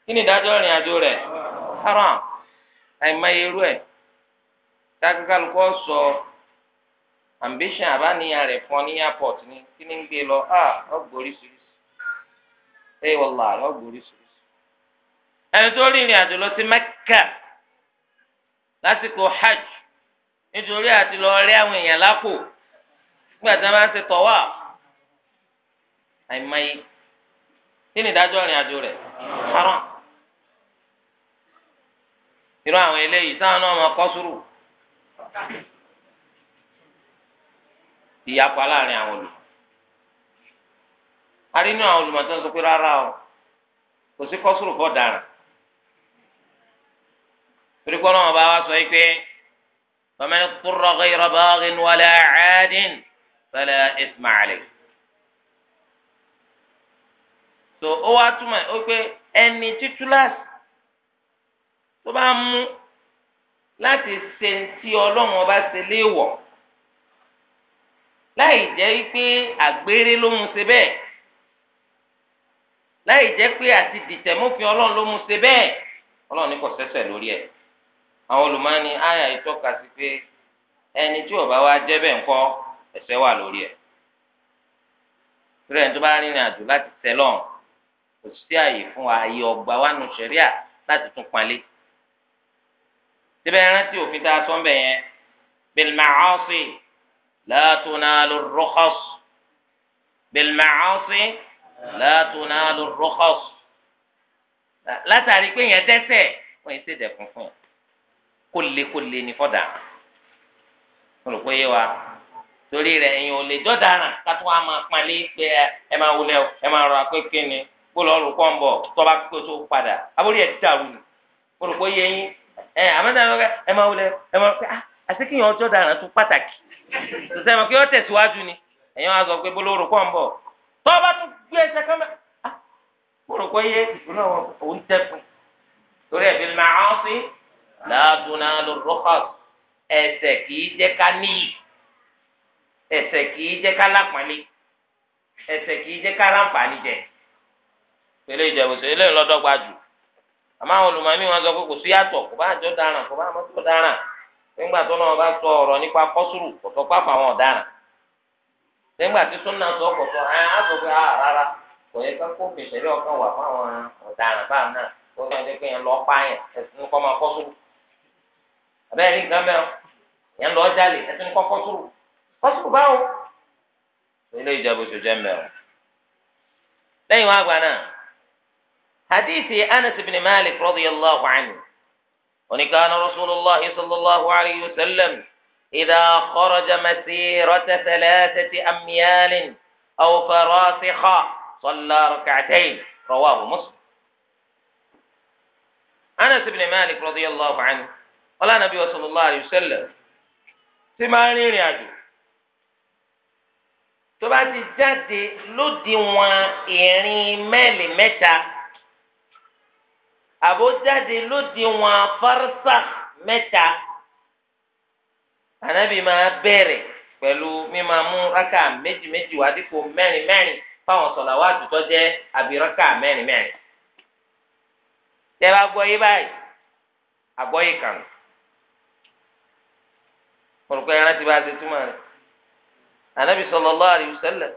S1: kí ni ìdájọ́ ìrìn àjò rẹ̀ haram àìmọye irú ẹ̀ dákàkálukọ́ sọ ambition àbáníyàn rẹ̀ fún ọ ní airport ni kí ń gbé lọ ah ọgbóríṣiríṣi ẹ wọlá ọgbóríṣiríṣi. ẹni tó rìnrìn àjò lọ sí Mẹ́kà lásìkò hajj nítorí àti lọ rí àwọn èèyàn lápò nígbà tí wọ́n bá ń ṣe tọ́wà àìmọye kí ni ìdájọ́ rìn àjò rẹ̀ haram irú àwọn eléyìí sáwọn náà máa kọ́ sùúrù ìyapa láàrin àwọn olùkọ́ a rí inú àwọn olùmọ̀tò sọ pé o kò sí sùúrù torí kọ́ lọ́wọ́ bá wa sọ yìí pé faman ittara ghayra baghin wala 'adin fala ithma alayh. tó ó wá túmọ̀ ó pé ẹni títúláàsì tó bá mú láti ṣe ti ọlọ́run ọba ṣe léèwọ̀ láì jẹ́ pé àgbèrè ló mú ṣe bẹ́ẹ̀ láì jẹ́ pé àti dìtẹ̀mófin ọlọ́run ló mú ṣe bẹ́ẹ̀ ọlọ́run ní kò sẹ́sẹ̀ lórí ẹ̀ àwọn olùmọ́ni àyà ìtọ́ka sí pé ẹni tí ó bá wá jẹ́ bẹ́ẹ̀ ńkọ́ ẹ̀ṣẹ̀ wà lórí ẹ̀ rẹ̀ tó bá rìnrìn àjò láti tẹ́lọ̀n kò sí àyè fún ààyè ọgbà wa nù sẹ́ríà láti tún palẹ̀ síbẹ̀ rántí òfin tá a sọ ń bẹ̀ yẹn bilmacaasi látúnálù rọ́kọ́s bilmacaasi látúnálù rọ́kọ́s látàrí pé yẹn dẹ́ṣẹ̀ wọ́n yẹn ṣèdẹ̀kùn fún yẹn. kó le kó le ní wa torí rẹ èèyàn ò lè jọ́dára kátó wa máa pálí pé ẹ máa wulẹ̀ ẹ máa rọra pé kíni kó lọ́ọ́ ń kó tó padà abórí ẹ̀ ti dàrú ni mo rò yín ẹ ẹ máa ẹ máa pé ah, àti pàtàkì kí ni sọ pé ń gbé ah, ọ láàdúnà na rọ́kọ̀t ẹsẹ̀ kìí jẹ́ ká níyì ẹsẹ̀ kìí ká kìí ká jẹ. pèlè ìjẹ̀bùsọ̀ eléyìí lọ́dọ́gba jù àmọ́ àwọn olùmọ̀mí wọn sọ pé kò sí yàtọ̀ kò bá àjọ dáràn kò bá àmọ́tò dáràn nígbà tó náà bá sọ ọ̀rọ̀ nípa kọ́sùrù kò sọ ọ̀daràn nígbà tí súnà sọ kò sọ á sọ pé á rárá kò yẹ ká wà ọ̀daràn báà náà kó abẹ́rẹ́ ní nǹkan mẹ́rin yẹn lọ jalè ẹtún ní kọ́kọ́ sùrù kọ́sùrù báwo. ilé ìjọba oṣù jẹ́ mẹ́rin. lẹ́yìn wá gba náà hadithi anas ibn malik radiyallahu anhu oníkanu rasulillah sallallahu alayhi wa sallam idà kọ́rọ̀jà masirata thalathati amyalin aw farasikha salla rak'atayn rawahu muslim. anas ibn malik radiyallahu anhu. ọlànàbí sallallahu alaihi wasallam tí máa ń rìnrìn àjò tó bá ti jáde lódiwọ̀n ìrìn mẹ́ẹ̀lì mẹ́ta àbó jáde lódiwọ̀n fárásà mẹ́ta ànábì máa bẹ̀rẹ̀ pẹ̀lú mímá mú rákà méjì méjì wá dípò mẹ́rin mẹ́rin fáwọn sọ̀lá wá tutọ́ jẹ́ àbí rákà mẹ́rin mẹ́rin. tẹ́ gbọ́ yí báyìí àgbọ́ yìí kàn án. mọ̀lùkọ́ ẹran ti bá ṣe túmọ̀ rẹ̀ ànábì sallallahu alaihi wasallam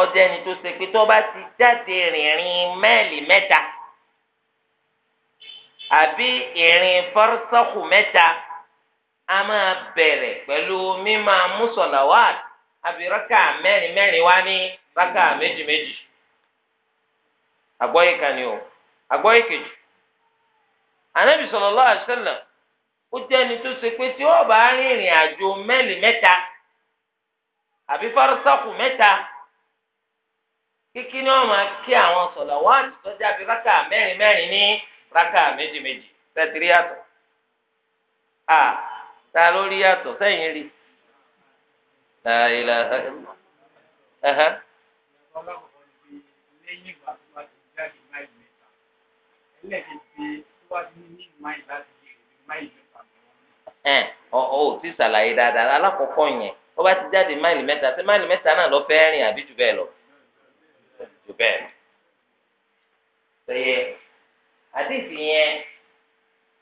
S1: ọjà ẹni tó ṣe pé tó bá ti jáde rìnrìn mẹ́ẹ̀lì mẹ́ta àbí ìrìn fọ́rọ́sọ́kù mẹ́ta a máa bẹ̀rẹ̀ pẹ̀lú mímọ amúsọ̀làwàd àbí rákà mẹ́rin mẹ́rin wá ní rákà méjì méjì kan ni o kejì ó jẹ́ ẹni tó ṣe pé tí ó bá rin ìrìn àjò mẹ́lì mẹ́ta àbí fárọ́sọ́kù mẹ́ta kíkí ni wọ́n máa kí àwọn sọ̀lọ̀ wá àtúntọ́jà bíi rákà mẹ́rin mẹ́rin ní rákà méjì méjì tẹ́tìrí yàtọ̀ à ta lórí yàtọ̀ sẹ́yìn rí ilẹ̀ ẹ̀hẹ́. ti wá ní máìlì láti máìlì ẹ̀ ọ ò ti sàlàyé dáadáa alákọ̀ọ́kọ́ yẹn ó bá ti jáde máìlì mẹta ṣé máìlì mẹta náà lọ fẹ́ rìn àbí jù lọ jù yẹn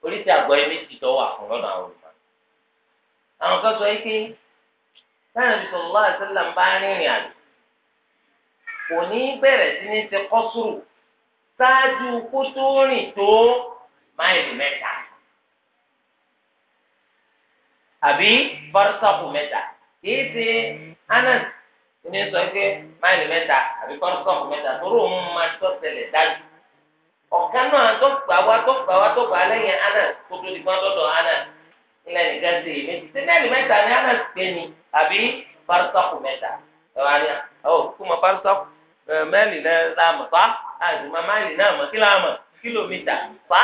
S1: oríṣi ẹ méjì tó wà fún àwọn kan sọ yìí pé àbí kọ́rọ́sọ́ọ̀kù mẹ́ta kìí ṣe anas ní sọ pé máìlì mẹ́ta àbí kọ́rọ́sọ́ọ̀kù mẹ́ta tóró òun máa tọ́ tẹ̀lẹ̀ dájú ọ̀kan náà tó gbà wá tó gbà wá tó gbà lẹ́yìn anas kó tó di pọ́n lọ́dọ̀ anas ilẹ̀ nìkan ṣe èmi ṣe máìlì mẹ́ta ni anas pè ní àbí kọ́rọ́sọ́ọ̀kù mẹ́ta ẹ wá ní ọ kú mọ kọ́rọ́sọ́ọ̀kù máìlì náà mọ̀ fa àti máìlì náà mọ̀ kí láàmọ̀ kílómítà fa.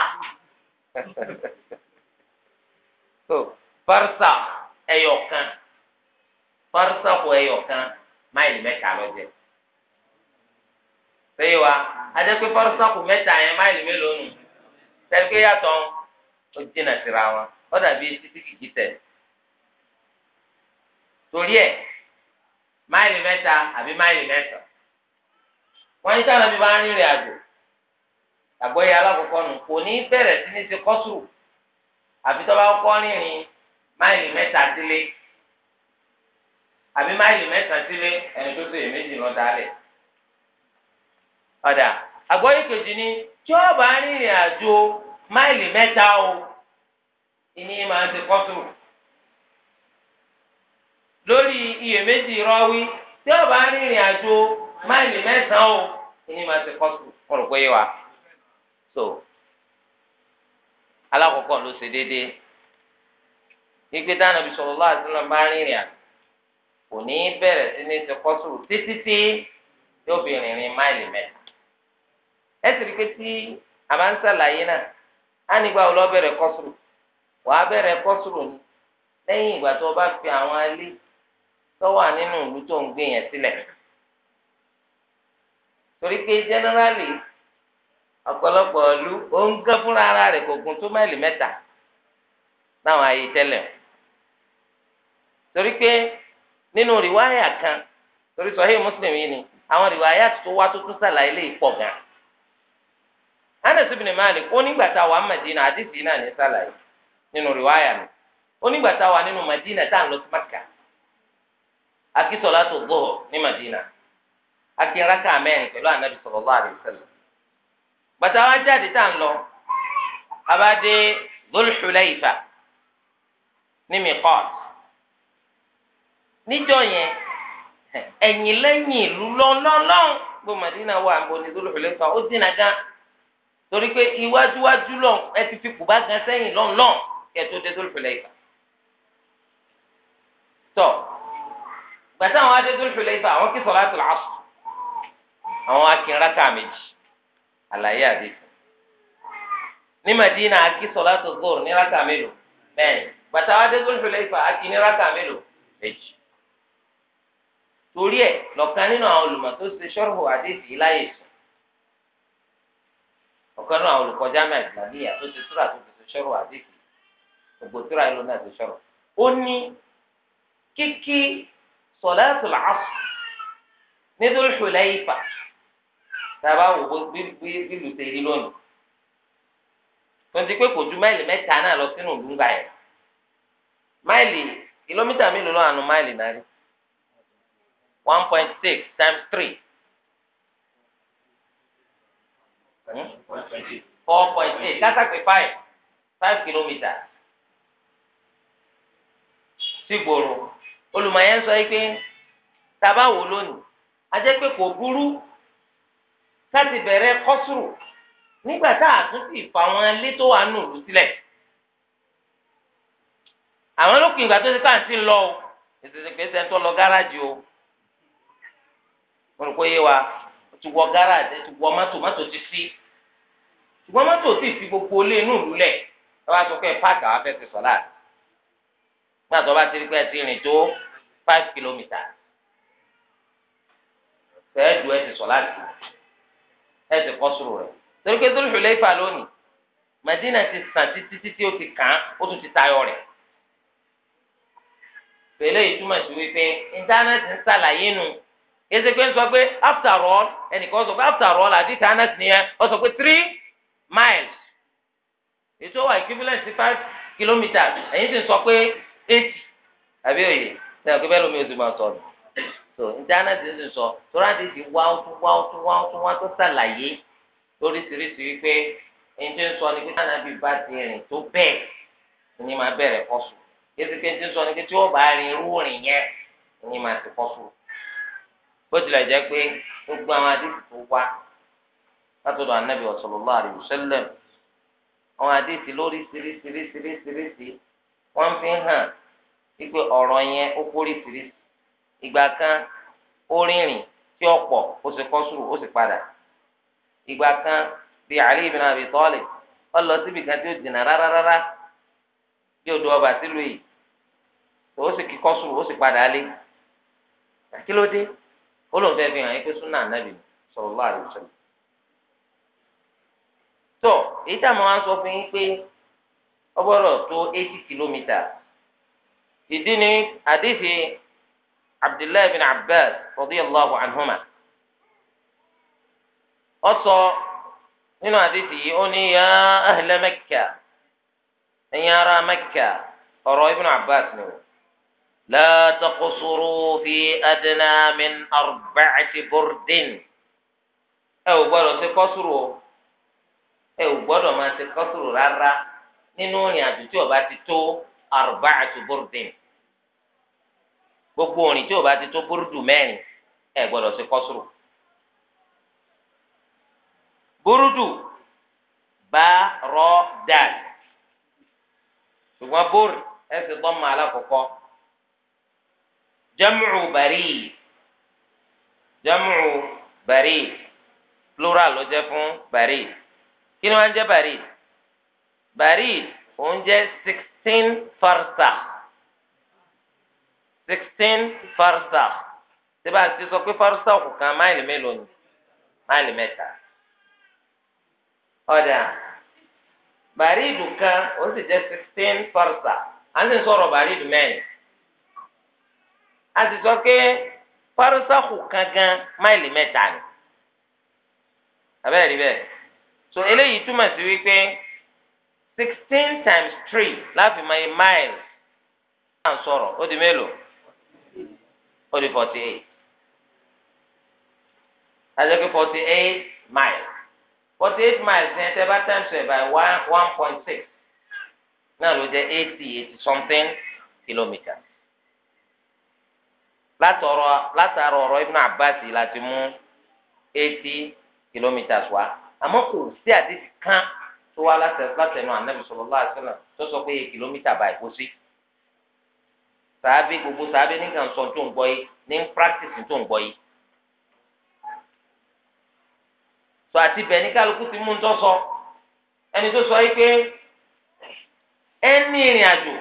S1: <laughs> farsa ẹyọkan farsa kò ẹyọkan máìlì mẹ́ta lọjẹ sẹ́yìn wa adẹ́pẹ́ farsa kò mẹ́ta yẹn máìlì mélòó nù sẹ́yìn yàtọ̀ o, jìnnà síra wọn ó dàbí títí kìkì tẹ̀ torí ẹ̀ máìlì mẹ́ta àbí máìlì mẹ́ta wọ́n ní sáà bí bá ń rìnrìn àjò àgbọ̀yé alákọ̀ọ́kọ́ nù kò ní bẹ̀rẹ̀ sí ní ti kọ́sùrù àbí tó bá kọ́ rìnrìn. máìlì mẹ́ta sílé àbí máìlì mẹ́ta sílé ẹni tó sèyí méjì lọ dálẹ̀. ọ̀dà àgbọ̀yé kejì ni tí ó bá rìnrìn àjò máìlì mẹ́ta o ìní máa ti kọ́ sùn lórí iyèméjì rọ́wí tí ó bá rìnrìn àjò máìlì mẹ́sàn-án o ìní máa ti kọ́ sùn kọ́ pé wa so alákọ̀ọ́kọ́ ló ṣe déédéé. gbígbé dáná bí sọlọ́lá àtúnlá bá rìnrìn àná kò ní í bẹ̀rẹ̀ sí ní ti kọ́sùrù títí tí yóò fi rìnrìn máìlì mẹ́ta. ẹ sì rí pé tí a bá ń ṣàlàyé náà á nígbà wo lọ bẹ̀rẹ̀ kọ́sùrù bẹ̀rẹ̀ kọ́sùrù ni lẹ́yìn ìgbà tó o bá fi àwọn ilé tó wà nínú ìlú tó torí pé nínú rìwáyà kan torí sọ̀hìn Muslim yìí ni àwọn rìwáyà tó wá tó sàlàyé lè pọ̀ gan. Anas ibn ó nígbà tá a wà Madina àdìsí náà ní sàlàyé nínú rìwáyà mi ó nígbà tá a wà nínú Madina tá à lọ sí Maka akíntọ́lá tó ní Madina akínraka anabi sallallahu alaihi wasallam bàtà wa jáde tá à lọ Dhul ní níjọ yẹn ẹ̀yìn lẹ́yìn ìlú lọ́nlọ́n gbọ́ Madina wà ń bọ̀ ní Dhul Hulayfa ó dínà gan torí pé iwájúwájú lọ́n ẹ ti fi kù bá gan sẹ́yìn lọ́nlọ́n kẹtó dé Dhul Hulayfa. tọ́ gbàtà àwọn adé Dhul Hulayfa àwọn kí salatul asr àwọn akínraka méjì àlàyé àdéhùn ní Madina akí salatul dhuhr ní raka mélòó bẹ́ẹ̀ gbàtà àwọn adé Dhul Hulayfa akí mélòó méjì torí ẹ̀ lọ́kàn nínú àwọn olùmọ̀ tó ṣe sọ́rọ̀ àdéhìí láyè sùn ọ̀kan nínú àwọn olùkọjá náà ìgbàlíyà tó ṣe sọ́rọ̀ àti ṣe sọ́rọ̀ àdéhìí gbogbo sọ́rọ̀ àìlú náà ṣe sọ́rọ̀ ó ní kíkí sọ̀láṣùl àṣù nítorí ṣòlẹ́ ìfà tàbá wò ó bílù ṣe rí lónìí tonti pé kò ju máìlì mẹ́ta náà lọ sínú ìlú yẹn máìlì kìlómítà mélòó lọ́wọ́ àánú máìlì náà rí one point six times three. Hmm? four point eight that's like five five kilometers sí gbòòrò olùmọ̀yẹ́ sọ yìí pé tàbá wò lónìí a jẹ́ pé kò burú láti bẹ̀rẹ̀ kọ́sùrù nígbà tá a tún sì fà wọn lé tó wà nù lù sílẹ̀ àwọn olókùn ìgbà tó ti káàntì lọ o ètò ìgbésẹ̀ tó lọ gáràjì o mo rò pé yé wa o ti wọ gáràjì o ti wọ mọ́tò mọ́tò ti sí ṣùgbọ́n mọ́tò sì fi gbogbo ilé inú ìlú lẹ̀ ẹ wá sọ pé páàkì àwọn afẹ́sẹ̀ sọ̀lá nígbà tó bá ti rí pé ẹ ti rìn tó five kilometres fẹ́ẹ́ du ẹsẹ̀ sọ̀lá tì ẹsẹ̀ kọ́sùrù rẹ̀ torí pé tóbi ṣùlẹ̀ ìfà lónìí Madina ti sàn títí títí ó ti kàn ó tún ti tayọ rẹ̀ pẹ̀lẹ́ ìtumọ̀ sí wípé íńtánẹ́ẹ̀tì ń ṣàlàyé nu ezekwe sọ pé after all ẹnìkan sọ pé after all àdìtà anas nìyẹn ó sọ pé three miles ètò wà equivalent to five kilometres ẹ̀yin sì sọ pé eight àbí òye sẹ́yìn pé bẹ́ẹ̀ lómi oṣù máa sọ ni so internet sì sọ tóra ti di wá ọtún wá ọtún wá ọtún wá tó ṣàlàyé lóríṣiríṣi wípé ẹni tó ń sọ ni pé kánábì bá ti rìn tó bẹ́ẹ̀ ni máa bẹ̀rẹ̀ kọ́sù ètò ìpè tí ń sọ ni pé tí ó bá rin irú rìn yẹn ni máa ti kọ́sù. bó tilẹ̀ jẹ́ pé gbogbo àwọn àdéhùn tó wá látọ̀dọ̀ anábì sallallahu alaihi siri àwọn siri lórí sírísírísírísírísí wọ́n fi hàn wípé ọ̀rọ̀ yẹn ó siri sírísí ìgbà kan ó rìnrìn tí ó pọ̀ ó sì kọ́ sùúrù ó sì padà ìgbà kan bíi Ali ibn Abi Talib ó lọ síbi kan tí ó ọba sílùú yìí ó sì sùúrù ó sì padà lé ó lóun fẹ́ fi hàn yín pé súnà ànábì sallallahu alaihi wasallam. tó èyí tá a máa ń sọ fún yín pé ọgbọ́dọ̀ tó eighty kilometers ìdí ni àdéhìí abdullahi bin abbas radiyallahu anhuma ọsọ nínú àdéhìí ó ní ya ahla mẹ́kà ẹ̀yin ará mẹ́kà ọ̀rọ̀ ibn abbas ni o. لا تقصروا في أدنى من أربعة برد ẹ ò gbọ́dọ̀ ṣe kọsùrù o ẹ ò gbọ́dọ̀ máa ṣe kọsùrù rárá nínú ìrìn àjò tí ó bá ti tó arba'atu burdin gbogbo ìrìn tí ó bá ti tó burúdù mẹ́rin ẹ gbọ́dọ̀ ṣe kọsùrù burúdù bá rọ dàl ṣùgbọ́n bórì ẹ ti tọ́ mọ alákọ̀ọ́kọ́ jamu bari jamu bari plural ló jẹ fún bari kí ni wọn jẹ bari bari òun jẹ sixteen farsa sixteen farsa síbà tí sọ pé farsa kò kan máìlì mélòó ni máìlì mẹ́ta ọ̀dà bari kan ó sì jẹ sixteen farsa à ń sì sọ̀rọ̀ a sì sọ pé fárúsáàkù kankan máìlì mẹ́ta ni abẹ́rẹ́ rí bẹ́ẹ̀ so eléyìí túmọ̀ sí wípé sixteen times three láfi máa yẹ máìlì náà sọ̀rọ̀ ó di mélòó ó di forty eight àjẹkẹ́ forty eight miles forty eight miles ní ẹsẹ̀ bá times ẹ̀ by one one point six náà ló jẹ́ eighty eighty something kilometres. látọ̀rọ̀ látàrọ̀ ọ̀rọ̀ Ibn Abbas láti mú eighty kilometres wá àmọ́ kò sí àdìsí kan tó wá látẹnu Ànábì sallallahu alaihi tó sọ pé kìlómítà báyìí kó sí sàábì gbogbo sàábì nìkan sọ tó ń gbọ́ yìí ní practice tó ń gbọ́ yìí. sọ àti bẹ́ẹ̀ ní kálukú ti mú ń tọ́ sọ ẹni tó sọ yìí pé ẹni ìrìn àjò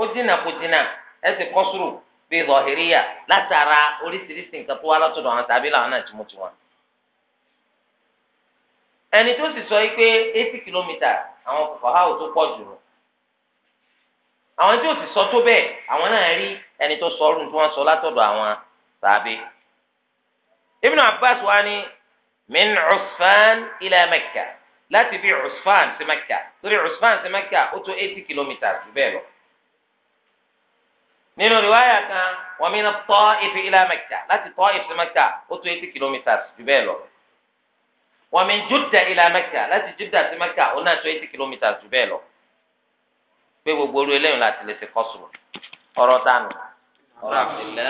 S1: ó dínà kó dínà ẹ kọ́ bíi zọhìríyà látara oríṣiríṣi nǹkan tó wá lọ́tọ̀dọ̀ àwọn tàbí làwọn náà ti mú tiwọn. ẹni tó sì sọ yìí pé eighty kilometre àwọn fàáwò tó pọ̀ jù lọ. àwọn tí ò sì sọ tó bẹ́ẹ̀ àwọn náà rí ẹni tó sọ ọdún tí wọ́n sọ látọ̀dọ̀ àwọn tàbí. Ibn Abbas wa ni min Usfan ila Mẹ́kà láti bí Usfan sí Mẹ́kà torí Usfan sí Mẹ́kà ó tó eighty kilometre bẹ́ẹ̀ lọ nínú riwaya kan wọ́n mi na Taif ila Mẹ́kà láti Taif sí Mẹ́kà ó tó eighty kilometres jù bẹ́ẹ̀ lọ wọ́n mi Judda ila Mẹ́kà láti Judda sí Mẹ́kà ó náà tó eighty kilometres jù bẹ́ẹ̀ lọ pé gbogbo orí eléyìí láti lè ṣe kọ́sùrù ọ̀rọ̀ tánu ọ̀rọ̀ àfẹ́lẹ́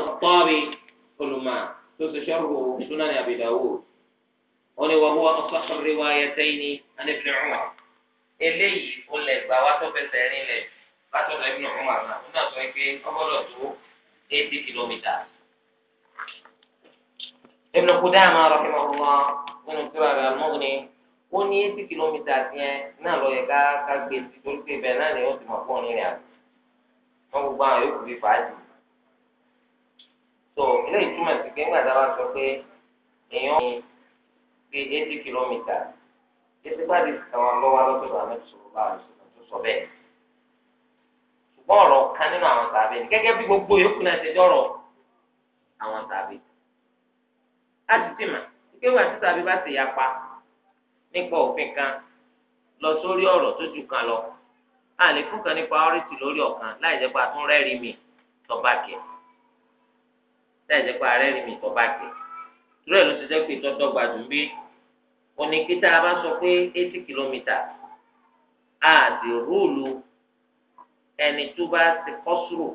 S1: ọ̀tọ́bi olùmọ̀ tó ṣe ṣọ́rù Sunan Abi Dawud ó ní wàhùwà eléyìí ó lẹ̀ gbà wá tó fẹsẹ̀ rìn lẹ̀ látọ̀dọ̀ Ibn Umar náà ó náà sọ pé ọgbọ́dọ̀ tó eighty kilometres. Ibn Qudama rahimahullah nínú tíra rẹ̀ al-Mughni ó ní eighty kilometres yẹn náà lọ yẹ ká ká gbé sí torí pé ibẹ̀ náà ni ó ti mọ̀ fún òní rìn wọn gbogbo àwọn yòókù fi fàájì. tó eléyìí túmọ̀ sí pé ńgbà tá a bá sọ pé èèyàn ní bíi eighty kilometres ìsìnkpáàdì sọ̀rọ̀ lọ́wọ́ alọ́sọ̀rọ̀ àmì sọ̀rọ̀ bá àìsàn tó sọ bẹ́ẹ̀. ṣùgbọ́n ọ̀rọ̀ kan nínú àwọn tàbí ni gẹ́gẹ́ bí gbogbo yòókù náà ṣe dọ́rọ̀ àwọn tàbí. a ti ti mà ike wà tí tàbí bá ti yà pa nípa òfin kan lọ sórí ọ̀rọ̀ tó ju kan lọ. a lè fún kan ní priority lórí ọ̀kan láì jẹ́ pé tún rẹ́rì mi tọ́ba kẹ̀. láì jẹ́ pé a rẹ́rì mi tọ́ba kẹ̀ oníkítà a bá sọ pé eighty kilometres àti rúùlù ẹni tó bá ti kọ́ sùrù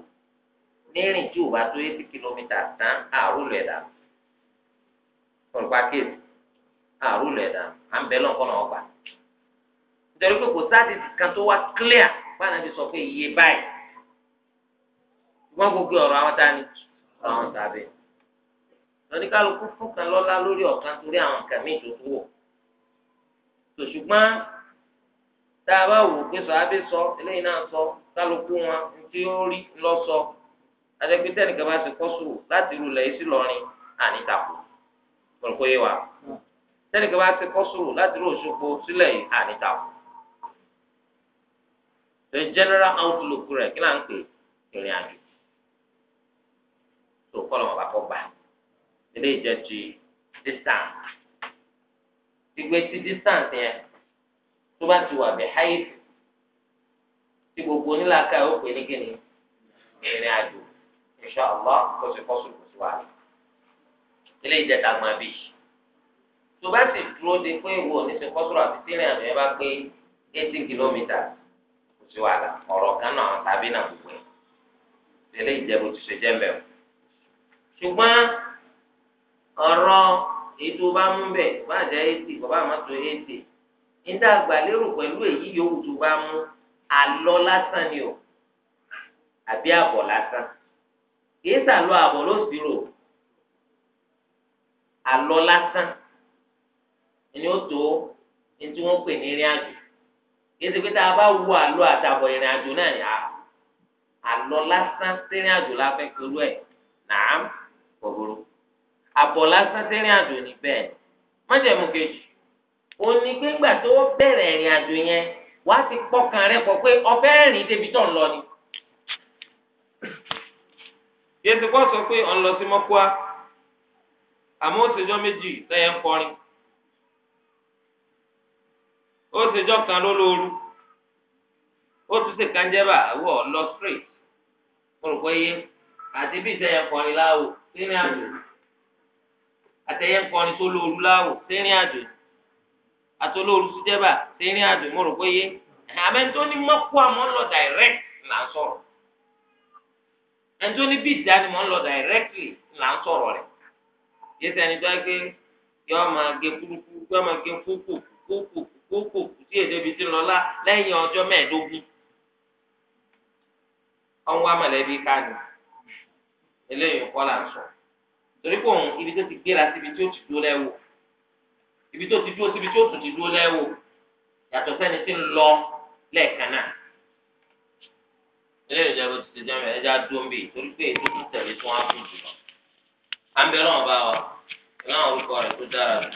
S1: nírìn tí ò bá tó eighty kilometres tán àrùlù ẹ̀dá olùpàkíyèsí àrùlù ẹ̀dá à ń bẹ lọ́nkọ́ náà ọgbà nítorí pé kò sáà ti kan tó wá clear báyìí náà ti sọ pé iye báyìí ṣùgbọ́n gbogbo ọ̀rọ̀ àwọn dání àwọn tàbí lọ́ní fún kan lọ́lá lórí ọ̀kan torí àwọn nǹkan míì ṣùgbọ́n tá a bá wò pé sọ̀hábí sọ eléyìí náà sọ kálukú wọn tí ó rí lọ sọ adẹ́gbẹ́tẹ́ nìkan bá ti kọ́ sùn láti ru ilẹ̀ sí lọ́rin ànítakò pọ̀lọ́pọ̀ yé wa tẹ́nìkan bá ti kọ́ sùn láti ru Òṣogbo sílẹ̀ ànítakò the general outlook rẹ̀ kí náà ń pè ìrìn àjò tó kọ́ lọ́mọba kọ́ gbà eléyìí jẹ́ ti distance ìgbé tí distance yẹn tó bá ti wà bí height tí gbogbo onílàákà yóò pè ní kíni ìrìn àjò insha Allah kò sí possible kò sí wàhálà ilé ìjẹta gbọn bí tó bá ti dúró de pé ìwọ ní sí àti tí àjò yẹn bá pé eighty kilometres kò sí wàhálà ọ̀rọ̀ kan náà tàbí náà gbogbo ẹ̀ ilé ìjẹ̀bù ti ṣe jẹ́ mbẹ́ o ṣùgbọ́n ọ̀rọ̀ èyí tó bá mú bẹ̀ bá jẹ́ eighty bàbá àmọ́tò eighty níta àgbàlérò pẹ̀lú èyí yòówù tó bá mú àlọ́ lásán ni o àbí àbọ̀ lásán kìí sàlọ́ àbọ̀ ló sì rò àlọ́ lásán ni ó tó ní tí pè ní ìrìn àjò kìí ṣe tá a bá wo àlọ́ àtàbọ̀ ìrìn àjò náà ni àlọ́ lásán sí ìrìn àjò la fẹ́ pẹ̀lú ẹ̀ nàá àbọ̀ lásán tẹ́rìn àjò ní bẹ́ẹ̀ májẹ̀mú kejì òní gbégbà tó bẹ̀rẹ̀ ìrìn àjò yẹn wá ti pọkàn rẹ pọ̀ pé ọbẹ̀ rìn débi tó ń lọ ni. yẹtù kọ́ sọ pé ọ̀n lọ sí mọ́kúá àmọ́ òṣèjọ́ méjì lẹ́yìn ń kọrin òṣèjọ́ kan ló lóoru ó tún ṣe kánjẹ́bà àwọ̀ lọ straight mo rò pé yé àti bí ìṣẹ̀yìn kọrin láwò nínú àjò. àtẹyẹ ń kọrin tó lóoru láwò sẹ́rìn àjò àtolóoru síjẹ́bà sẹ́rìn àjò mo rò pé yé àmẹ́ tó ní mọ́kú àmọ́ lọ direct là bí ìdánimọ̀ ń lọ directly là ń sọ̀rọ̀ rẹ̀ yéé sẹ́ni tó gbé yọ máa gé kúrúkú yọ sí èdè ibi tí ń lọ lá lẹ́yìn ọjọ́ mẹ́ẹ̀ẹ́dógún ọ̀hún wa mọ̀lẹ́bí ká ní eléyìí kọ́ là ń torí pé òun ibi tó ti gbéra síbi tí ó ti dúró lẹ́wọ̀ ibi tó ti dúró síbi tí ó tún ti dúró lẹ́wọ̀ yàtọ̀ sẹ́ni tí ń lọ lẹ́ẹ̀kan náà ilé ìjọba ti ti jẹun ẹja dúró bíi torí pé ètò tó tẹ̀lé tó wọn fún jùlọ à ń bẹ bá wa láwọn orúkọ rẹ̀ tó dára